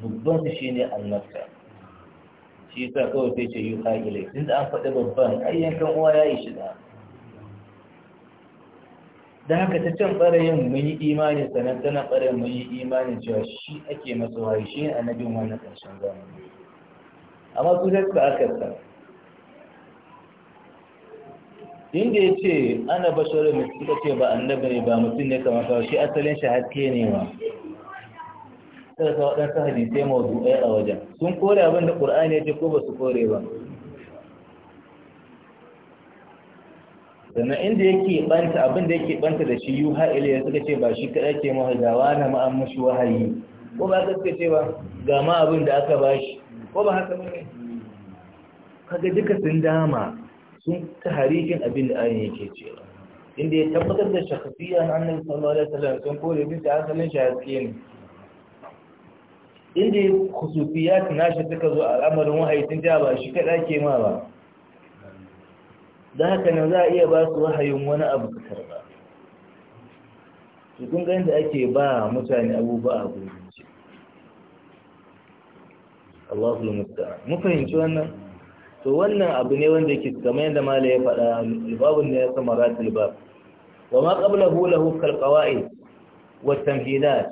dubban su ne annabta shi yasa kawai sai ce yuha ilai tun da an faɗi babban kan uwa ya yi shiga da haka ta can ɓarayin mun yi imani sanar tana ɓarayin mun yi imani cewa shi ake masa wayi shi ne annabin wannan ƙarshen zamani amma su da suka aka sa inda ya ce ana bashorin da suka ce ba annabi ne ba mutum ne kamar kawai shi asalin shi haske ne ma ta ka waɗansu hadisai ɗaya a wajen sun kore abin da qur'ani ya ce ko ba su kore ba sannan inda yake ɓanta abin da yake banta da shi yuha ilayya suka ce ba shi kaɗa ke mahaizawa na ma'an mashi wahayi ko ba haka suka ce ba ga ma abin da aka ba shi ko ba haka ne kaga duka sun dama sun ta harikin abin da ayin yake ce inda ya tabbatar da shakasiyya na annabi sallallahu alaihi wasallam sun kore bisa asalin shi haske ne inda khususiyat nashi suka zo a al'amarin wahayi sun ta ba shi kaɗa ke ma ba da haka nan za a iya ba su wahayin wani abu su karba kun ga yadda ake ba mutane abubuwa a gudunci Allahu musta'an mu fahimci wannan to wannan abu ne wanda yake kama yadda mala ya faɗa libabun da ya samara tilbab wa ma ƙabla hula hukar ƙawai wa tamhidat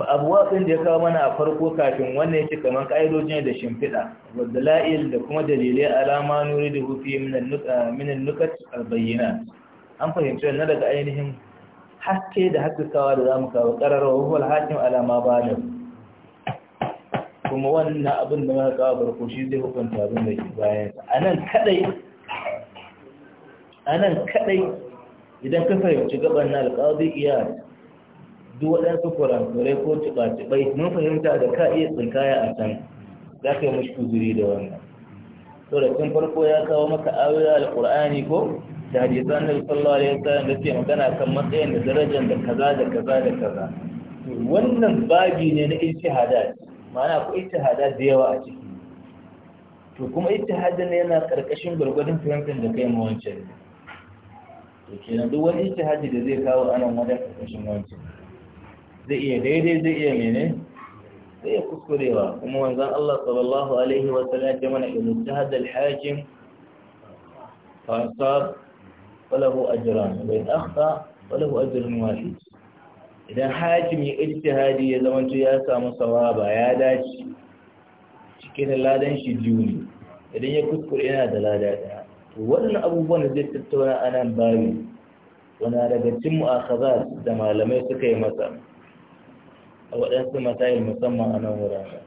abuwaɗin da ya kawo mana a farko kafin wannan ya ce kamar ka'idojin da shimfiɗa wadda la'il da kuma dalilai alama nuri da hufi minan ah, nukat albayyana an fahimci wannan daga ainihin haske da haskakawa da zamu mu kawo ƙararrawa huwal hakim alama ba da kuma wannan abin da muka kawo farko shi zai hukunta abin da ke bayan a nan kaɗai a nan kaɗai idan ka fahimci gaban na alƙawar iya duk waɗansu kurakurai ko tuba mun fahimta da ka iya tsinkaya a can za ka yi mashi kuzuri da wannan to da tun farko ya kawo maka da alƙur'ani ko da hadisan da sallallahu alaihi wasallam da ke magana kan matsayin da darajar da kaza da kaza da kaza to wannan babi ne na ijtihadat ma'ana ko ijtihadat da yawa a ciki to kuma ijtihadin ne yana karkashin gurgurdin fahimtar da kai mawancin to kenan duk wani ijtihadi da zai kawo anan wajen karkashin wancan zai iya daidai zai iya mene zai iya kuskurewa kuma wanzan Allah sallallahu alaihi wa sallam ya mana idan jahada al-hajim fa sab falahu ajran wa in akhta falahu ajrun wahid idan hakim ya ijtihadi ya zamanto ya samu sawaba ya dace cikin ladan shi juni idan ya kuskure yana da lada daya wannan abubuwan da zai tattauna a nan bayu wana daga cin mu'akhazat da malamai suka yi masa a waɗansu masayin musamman a nan wuraren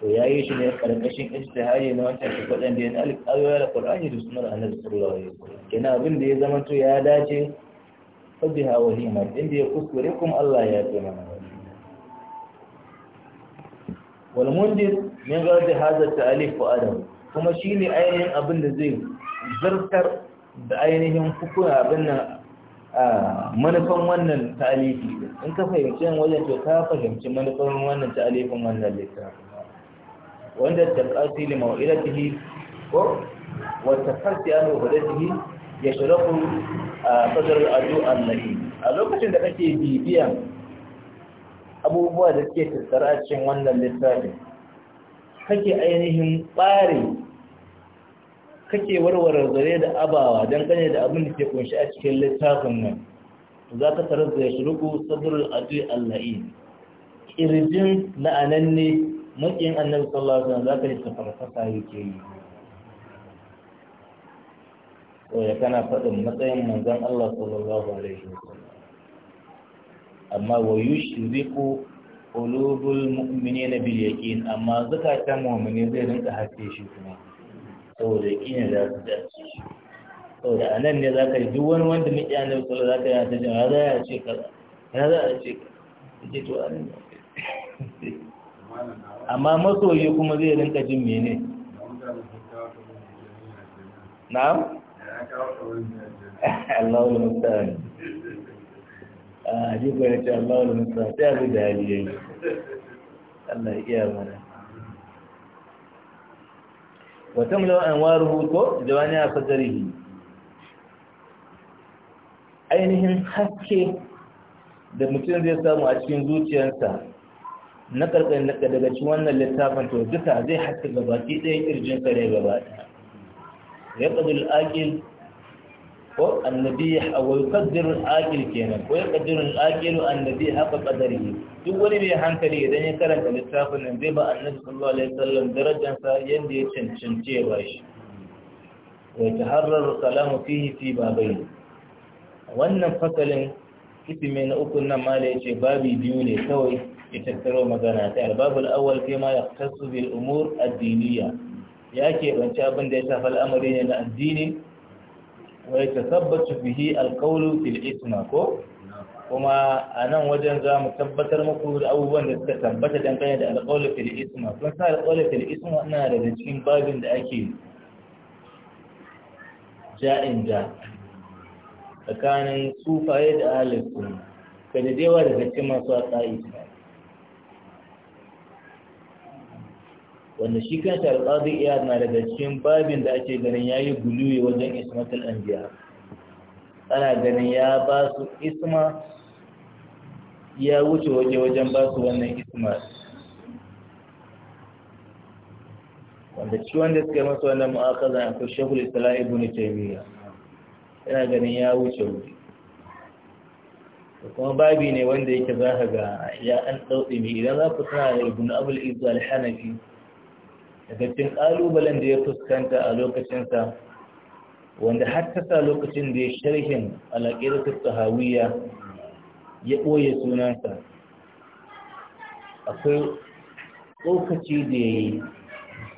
to ya yi shi ne karkashin ijtihadi na wancan shi kwaɗan da ya alif ayoyi da qur'ani da sunar annabi sallallahu alaihi wasallam kina abin da ya zama to ya dace fabiha wa hima inda ya kuskure kuma Allah ya yi mana wal mundir min gadi hada ta'alif wa adam kuma shine ainihin abin da zai zartar da ainihin hukuma abin nan manufan wannan talifi in ka fahimci yan wajen to ka fahimci manufan wannan talifin wannan littafin wanda ta ƙasi da ma'ilatihi ko wata farti an hudatihi ya rafu a fadar addu'an nahi a lokacin da kake bibiyan abubuwa da suke tattara cikin wannan littafin kake ainihin ɓare kake warware zare da abawa dangane da abin da ke kunshi a cikin littafin nan za ka tarar da shi ruku sadrul adui allahi kirjin la'ananne makiyin annabi sallallahu alaihi wasallam za ka yi tafarfasa yake yi ko ya kana faɗin matsayin manzon Allah sallallahu alaihi wasallam amma wa yushriku qulubul mu'minina bil yaqin amma zakatan mu'mini zai rinka haife shi kuma saboda yaƙini za su dace saboda a nan ne za ka yi duk wani wanda muke a nan kula za ka yi a tajin ya za a ce ka ya za a ce ka ce to a (laughs) amma masoyi kuma zai rinka jin mene na'am (laughs) Allahu musta'an a ji ko ya ce Allahu musta'an sai a bi da hali yayi Allah ya iya mana wa tamla anwaruhu ko jawani a ainihin haske da mutum zai samu a cikin zuciyarsa na karkar na daga cikin wannan littafin to duka zai haske gabaki daya ƙirjinsa ne gaba ɗaya ya ƙadul aƙil ko annabi wa yuqaddiru al-aqil kenan ko yuqaddiru al-aqil annabi haka qadarihi duk wani mai hankali idan ya karanta littafin nan zai ba annabi sallallahu alaihi wasallam darajar sa yanda ya cancance ba shi wa taharraru kalamu fihi fi babayn wannan fasalin mai na uku nan ma da yace babi biyu ne kawai ya tattaro magana ta al-babul awwal fi ma yaqtasu bil umur ad-diniyya ya ke abin da ya shafi al'amari ne na addini wai ta sabbatu bihi alƙaulu fil isma ko kuma a nan wajen za mu tabbatar muku da abubuwan da suka tabbata dangane da alƙaulu fil isma kun sa alƙaulu fil isma ina daga cikin babin da ake ja'in da tsakanin sufaye da ahalin sunna ka da daga cikin masu a wanda shi kan shi alƙadi iya na daga cikin babin da ake ganin ya yi guluwe wajen ismatul anbiya ana ganin ya ba su isma ya wuce waje wajen ba su wannan isma wanda shi wanda suka masu wannan mu'akaza a kan shekul ibu ibn taimiyya yana ganin ya wuce wuce kuma babi ne wanda yake za ka ga ya an ɗauɗe mai idan za ku tana da na abu izzu alhanafi. daga cikin ƙalubalen da ya fuskanta a lokacinsa wanda har ta sa lokacin da ya sharhin alaƙirar sahawiya ya ɓoye sunansa akwai tsokaci da ya yi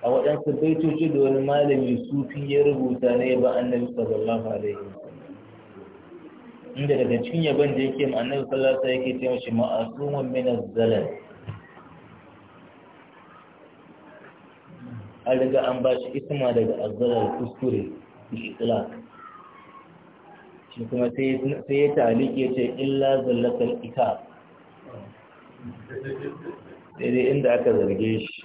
a waɗansu baitoci da wani malami sufi ya rubuta na yaba annabi sallallahu alaihi inda daga cikin yaban da yake annabi sallallahu alaihi yake cewa shi ma'asumun min zalal an riga an ba shi isma daga azzalar kuskure ishtilak shi kuma sai ya taliki ya ce illa zallatar ika daidai inda aka zarge shi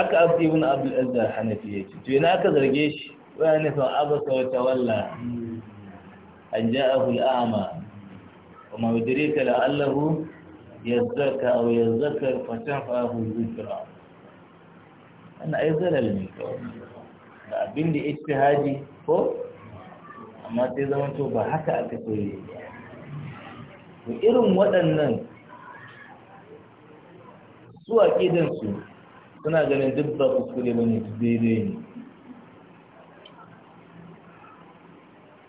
haka abdi ibn abdul azhar hanafi ya ce to yana aka zarge shi waya ne fa abasa wa tawalla an ja'ahu al-a'ma wa ma yudrika la'allahu zaka aw yazzakar fa tanfa'ahu dhikra wannan ai zalal ne da abin da haji ko amma sai zama to ba haka aka so yi irin waɗannan su a su suna ganin duk ba ba ne su daidai ne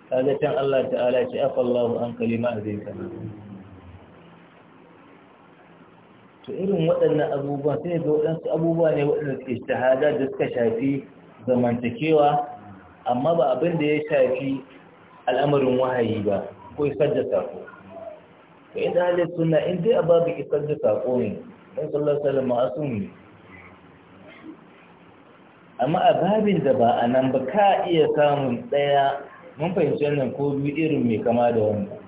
kaga can Allah ta'ala ya ce afallahu an kalima zai kana to irin waɗannan abubuwan sai ga waɗansu abubuwa ne waɗanda suke shahada da suka shafi zamantakewa amma ba abin da ya shafi al'amarin wahayi ba ko isar da sako ka yi halin suna in dai a babu isar da sako ne ɗan sallar sallar ma'asun ne amma a babin da ba a nan ba ka iya samun ɗaya mun fahimci wannan ko biyu irin mai kama da wannan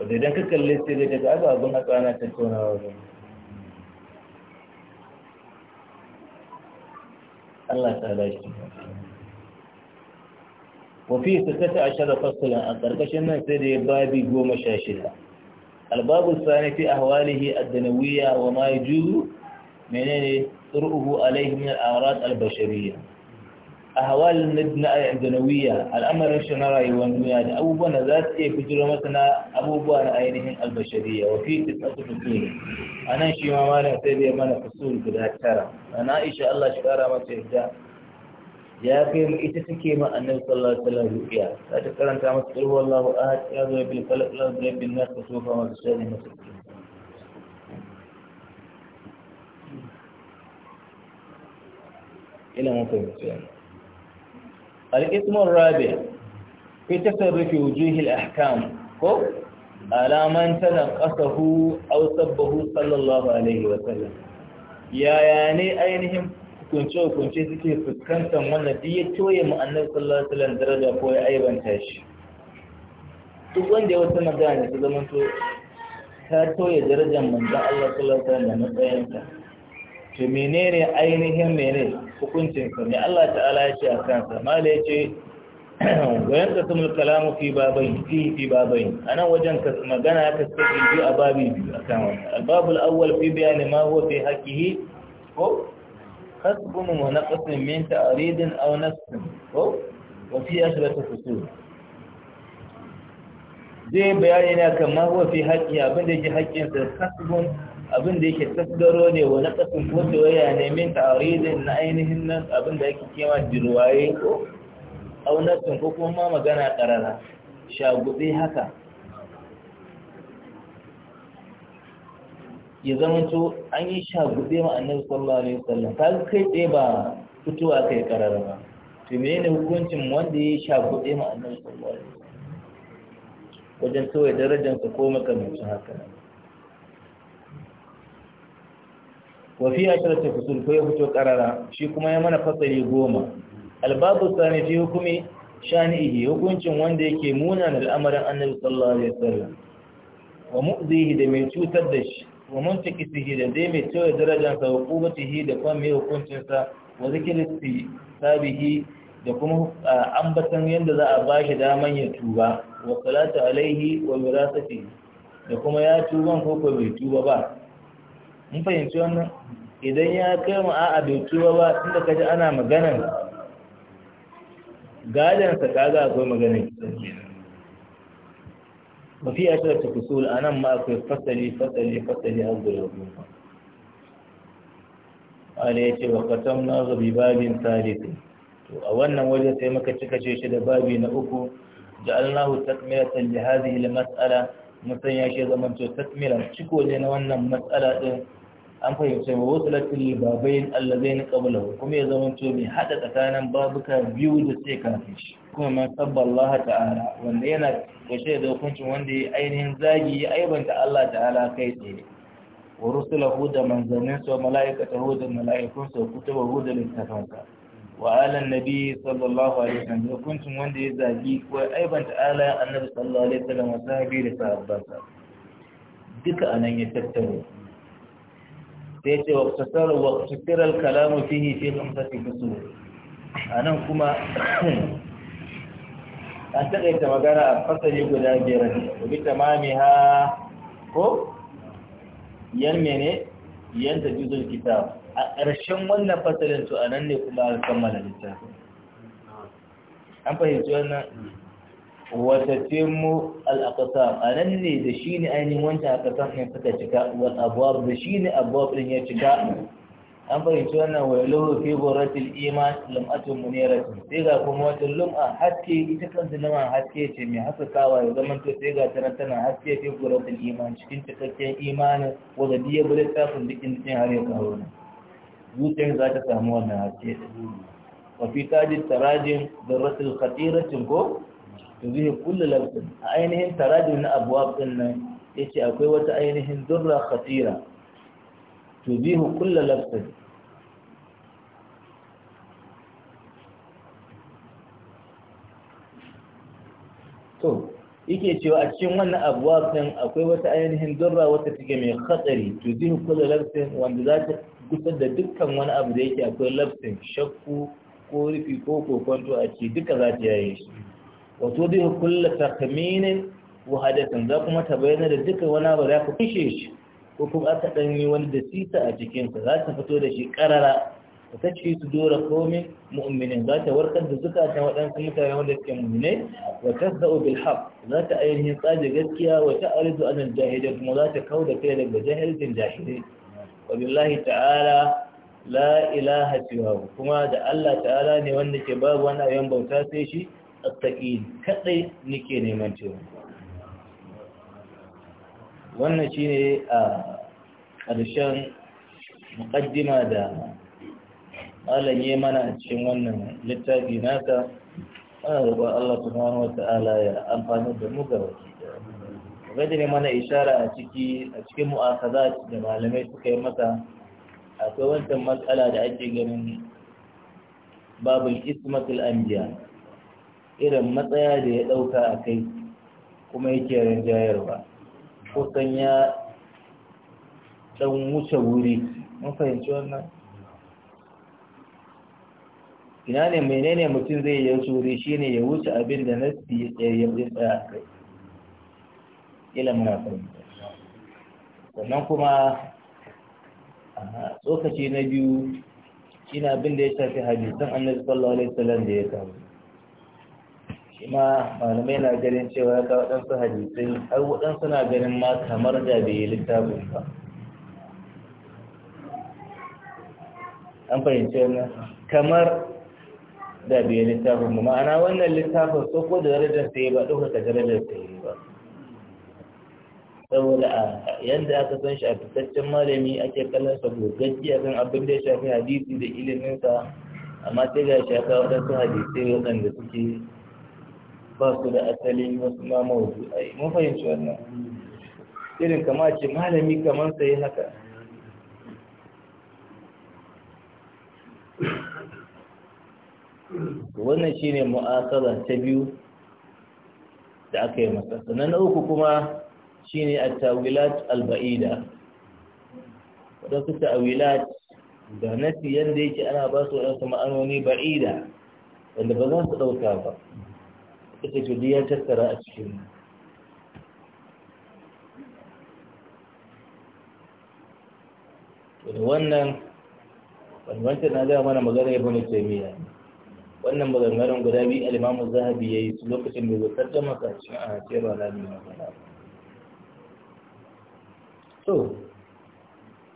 wanda idan ka kalle sai zai daga abu abin haka ana tattaunawa ba Allah ta lashe wafi sittata ashara fasalan a ƙarƙashin nan sai da ya babi goma sha shida albabu sani fi ahwalihi ad-danawiyya wa ma yajuzu menene tur'uhu alaihi min al-a'rad al-bashariyya أهوال ندنا عند الأمر شنا رأي ونوية أبو بنا ذات إيه كتير ما أبو بنا أيهن البشرية وفي تسعة فصول أنا شيء ما مانع تبي ما نفصول كده ترى أنا إن شاء الله شكرا ما تهدا يا أخي ما إتسكي ما النبي الله عليه وسلم يا أن تامس قل والله أهد يا ذو يبلي فلق الله ذو يبلي ما تشاهده إلى ما تبقى الاسم الرابع في تصرف وجوه الاحكام كو على من تنقصه او صبه صلى الله عليه وسلم يا يعني اينهم كنت شو كنت شو سكي فتكنت من دي توي ما النبي صلى الله عليه وسلم درجة فوي اي بنتاش تقوان دي وسلم داني تقوان تو تاتوي درجة من دا الله صلى الله عليه وسلم ke menene ainihin mene hukuncin ka ne Allah ta'ala ya ce a kansa mala ya ce (clears throat) wayan ka sumul kalamu fi babai fi fi babai anan wajen ka magana ta sake bi a babi biyu akan wannan albabul awwal fi bayani ma huwa fi haqqihi ko kasbun wa naqsin min ta'ridin aw nafsin ko wa fi ashratu fusul zai bayani na kan ma huwa fi haƙƙi abinda yake haƙƙinsa kasbun abin da yake tasgaro ne wa na kasin wata waya ne min ta'aridin na ainihin nan abin da yake kema jirwaye ko aunatin ko kuma magana Sha shagube haka ya zamanto an yi shagube ma'anar annabi sallallahu alaihi wasallam ka kai ɗaya ba fitowa kai ƙarara ba to ne hukuncin wanda ya yi ma annabi sallallahu alaihi wasallam wajen kawai darajansa ko makamancin haka nan wafi a tattata fusul ko ya fito karara shi kuma ya mana fasari goma albabu sani fi hukumi shani shani'ihi hukuncin wanda yake munan al'amarin annabi sallallahu alaihi wasallam wa mu'zihi da mai cutar da shi wa mun muntakisihi da zai mai cewa darajar sa hukumatihi da kuma mai hukuncin sa wa zikirti sabihi da kuma ambatan yadda za a ba shi daman ya tuba wa salatu alaihi wa mirasati da kuma ya tuban ko ko bai tuba ba mun fahimci wannan idan ya kai mu a'a bai tuwa ba inda ka ji ana maganan gadansa kaga akwai maganar kisan kenan mafi a shirar tafisul a nan ma akwai fasali fasali fasali har guda goma ala ya ce wakatan na zubi babin salisu to a wannan waje sai maka cika ce shi da babi na uku da allahu tasmira li hadhihi al mas'ala musan ya ce zaman to takmilan ciko ne na wannan matsala din an fahimci wa wasu latin wasulatul babain allazain qablahu kuma ya zama to mai haɗa tsakanin babuka biyu da sai kafin shi kuma ma sabballah ta'ala wanda yana kwashe da hukuncin wanda ya ainihin zagi ya aibanta Allah ta'ala kai tsaye wa rusulahu da manzannin su mala'ikatahu da mala'ikun su kutubahu da littafansa wa alan nabi sallallahu alaihi wasallam hukuncin wanda ya zagi ko aibanta ala annabi sallallahu alaihi wasallam sahabi da sahabbansa duka anan ya tattaro sai ce waqtasara waqtasara al-kalamu fihi fi khamsati a anan kuma (clears throat) an ta magana a fasali guda biyar ne bi tamami ha ko yan mene yan da juzul kitab a ƙarshen wannan fasalin to anan ne kuma aka kammala littafin an fahimci wannan hmm. Temo a nan ne ne da shi ainihin وتتم الأقسام ne suka cika, وانت أقسام da shi ne دشيني أبواب ya cika. an fahimci wannan wailuhu fi burratil iman lum'atun muniratin sai ga kuma wata lum'a haske ita kanta lum'a haske ce mai haskakawa ya zama to sai ga tana tana haske fi burratil iman cikin cikakken imanin wanda biya bude tsafin dukkan cikin har ya kawo nan zuciyar za ta samu wannan haske wa fi tajin tarajin zarratul khatiratin ko yuzuhi kullu lafzin a ainihin tarajim na abuwab din nan yace akwai wata ainihin durra khatira tubihu kullu lafzin to yake cewa a cikin wannan abuwa din akwai wata ainihin durra wata take mai hatsari to kullu lafsin wanda za ta gusar da dukkan wani abu da yake akwai lafsin shakku ko rufi ko kokonto a ce duka za ta yaye shi wato tudhihu kulle takaminin wa za kuma ta bayyana da duka wani abu da ka kushe shi ko kuma aka dan yi wani da sita a jikinsa za ta fito da shi karara ce su sudura qaumin mu'minin za ta warkar da zukatan waɗansu mutane wanda suke mu'mine wa tasda'u bil haqq za ta ainihin tsaje gaskiya wa arzu anil jahilin kuma za ta kauda kai daga jahilin jahilai wallahi ta'ala la ilaha siwahu kuma da Allah ta'ala ne wanda ke babu wani abin bauta sai shi astaqin kadai nake neman cewa wannan shi ne a ƙarshen muƙaddima da alan ya mana a cikin wannan littafi nasa ana roƙon Allah subhanahu wa ta'ala ya amfani da mu ga da ne mana ishara a ciki a cikin mu'akazat da malamai suka yi masa a wancan matsala da ake ganin babul ismatul anbiya irin matsaya da ya ɗauka a kai kuma yake rinjayarwa kan ya ɗan wuce wuri mun fahimci wannan ina ne menene mutum zai yi wuri shine ya wuce abin da na nasi ya tsaya a kai ilan na fahimta sannan kuma tsokaci na biyu shine abin da ya shafi hadisan annabi sallallahu alaihi wasallam da ya kawo shi ma malamai na ganin cewa ya kawo ɗansu hadisai har waɗansu na ganin ma kamar da bai yi littafin ba an fahimci wani kamar da bai yi littafin ba ma'ana wannan littafin so ko da darajar sai ba ɗauka ka darajar sai ba saboda a yadda aka san shi a fitaccen malami ake kallon sa gogaggi a kan abin da ya shafi hadisi da sa amma sai ga shi aka waɗansu hadisai waɗanda suke ba su da asali wasu ma yi mun fahimci wannan irin kama ce malami kamar sai haka wannan shi ne mu'asara ta biyu da aka yi masa sannan na uku kuma shi ne a tawilat al-ba'ida wadansu da nasi yadda yake ana ba su wadansu ma'anoni ba'ida wanda ba za su ɗauka ba ita to ya tattara a cikin to wannan wancan na gaya mana magana ya bane taimiyya wannan maganganun guda biyu alimamu zahabi ya yi su lokacin da zartar da makashin a cewa na magana so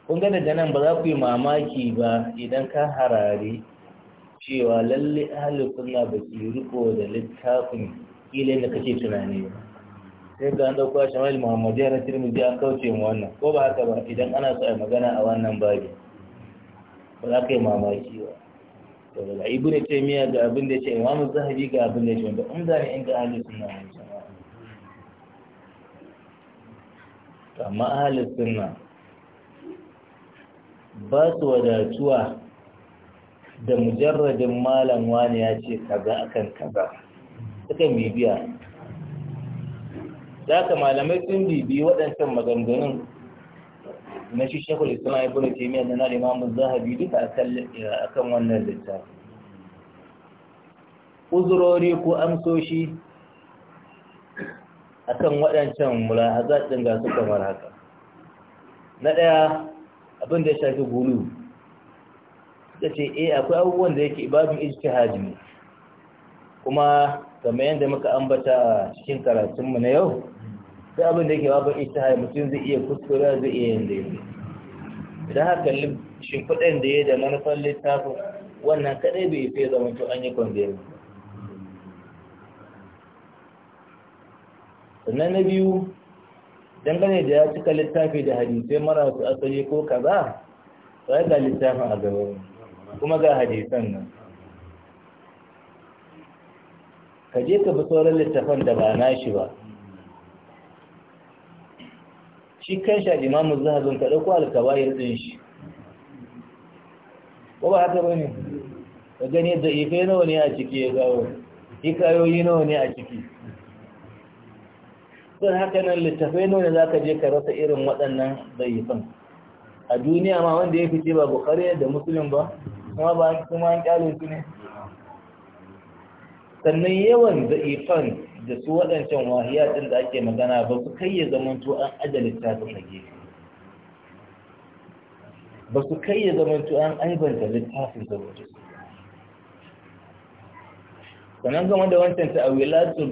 kun gada da nan ba za ku yi mamaki ba idan ka harare cewa lalle ahalin sunna ba su riko da littafin ilai da kake tunani ba sai ga an ɗauka shamal muhammadu ya rasir mu an kauce mu wannan ko ba haka ba idan ana so a magana a wannan babi ba za ka yi mamaki ba to daga ibu ne ga abin da ce imamu zahabi ga abin da ce wanda in za ni in ga ahalin sunna ne amma ahalin sunna ba su wadatuwa da mujarradin malam wani ya ce kaza akan kaza sukan bibiya da haka malamai sun bibi waɗancan maganganun na shi shekul islam ibn kimiyya da na imamu zahabi duka akan wannan littafi uzurori ko amsoshi akan waɗancan mulahazat din ga su kamar haka na ɗaya abin da ya shafi gulu da ce eh akwai abubuwan da yake babin ijtihadi ne kuma kamar yadda muka ambata a cikin karatunmu na yau sai abin da yake babin ijtihadi mutum zai iya kuskura zai iya yin daidai idan haka kudin da ya da manufar littafin wannan kadai bai fi zama to an yi kwandiyar sannan na biyu dangane da ya cika littafi da hadisai marasu asali ko kaza ya ga littafin a gaba kuma ga hadisan nan ka je ka bi sauran littafan da ba na shi ba shi kan shi imamu zahazin ka ɗauko alkabayar ɗin shi ko ba haka ba ne ka gani da ifai nawa ne a ciki ya gawo hikayoyi nawa ne a ciki sun haka nan littafai nawa ne za ka je ka rasa irin waɗannan zaifan a duniya ma wanda ya fice ba bukari da musulun ba Kuma ba kuma an kyale su ne sannan yawan za'ifan da su waɗancan wahiya ɗin da ake magana ba su kai ya to an aje ta su gefe ba su kai ya to an aibanta littafin da su sannan gama da wancan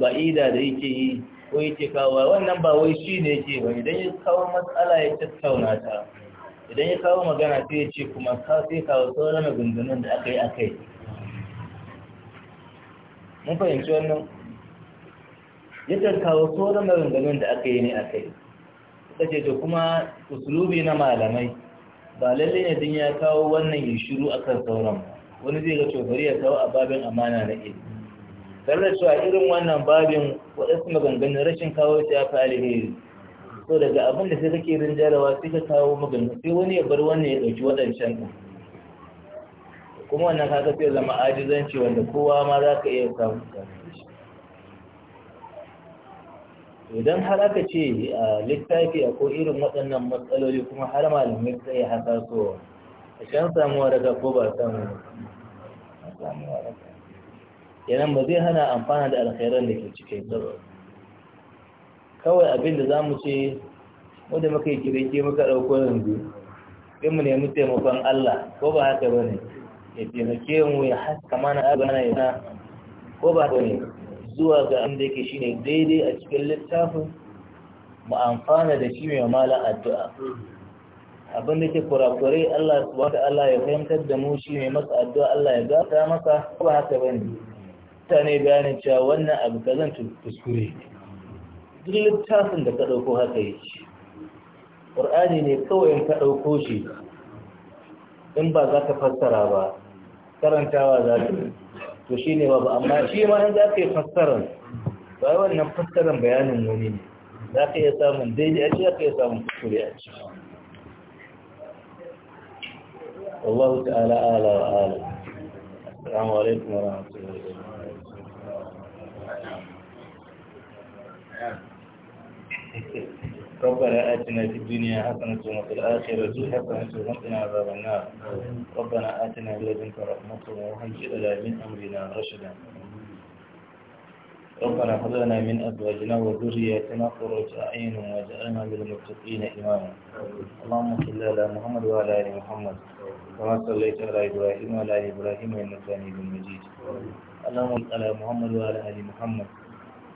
ba ida da yake yi ko yake kawo wannan ba wai shi ne yake ba idan ya kawo matsala ya tattauna ta idan ya kawo magana sai ya ce kuma sai kawo sauran maganganun da aka yi a kai mun fahimci wannan yakan kawo sauran maganganun da aka yi ne a kai suka ce to kuma usulubi na malamai ba lalle ne din ya kawo wannan ya shiru akan sauran wani zai ga cofari ya kawo a babin amana na ilimi tare da cewa irin wannan babin waɗansu maganganun rashin kawo shi ya fi alheri so daga abin da sai kake rinjarawa sai ka kawo magana sai wani ya bar wannan ya dauki waɗancan kuma wannan haka sai zama ajizanci wanda kowa ma za ka iya samun idan har aka ce a littafi a ko irin waɗannan matsaloli kuma har malamai sai haka so a can samu waraka ko ba samu samu waraka yanan ba zai hana amfana da alkhairan da ke cikin tsaro kawai abin da za mu ce wadda muka yi kirki muka ɗauko yanzu sai mu nemi taimakon Allah ko ba haka ba ne ya taimake mu ya haska mana abana ya na ko ba haka ne zuwa ga abin da yake shi ne daidai a cikin littafin mu amfana da shi mai mala addu'a abin da ke kurakurai Allah subhanahu Allah ya fahimtar da mu shi mai masa addu'a Allah ya gata masa ko ba haka ba ne mutane bayanin cewa wannan abu kazan kuskure ne duk littafin da ka ɗauko haka yi ce ƙur'ani ne kawai in ka ɗauko shi in ba za ka fassara ba karantawa za ka to shi ne ba amma shi ma in za ka yi fassarar ba yi wannan fassarar bayanin wani ne za ka iya samun daidai a ce za ka iya samun kuskure a ce ala wa ala Assalamu alaikum wa rahmatullahi wa barakatuh Yeah. ربنا آتنا في الدنيا حسنة وفي الآخرة حسنة وقنا عذاب النار ربنا آتنا من لدنك رحمة وهيئ لنا من أمرنا رشدا ربنا هب لنا من أزواجنا وذرياتنا قرة أعين واجعلنا للمتقين إماما اللهم صل على محمد وعلى آل محمد كما صليت على إبراهيم وعلى آل إبراهيم إنك حميد مجيد اللهم صل على محمد وعلى آل محمد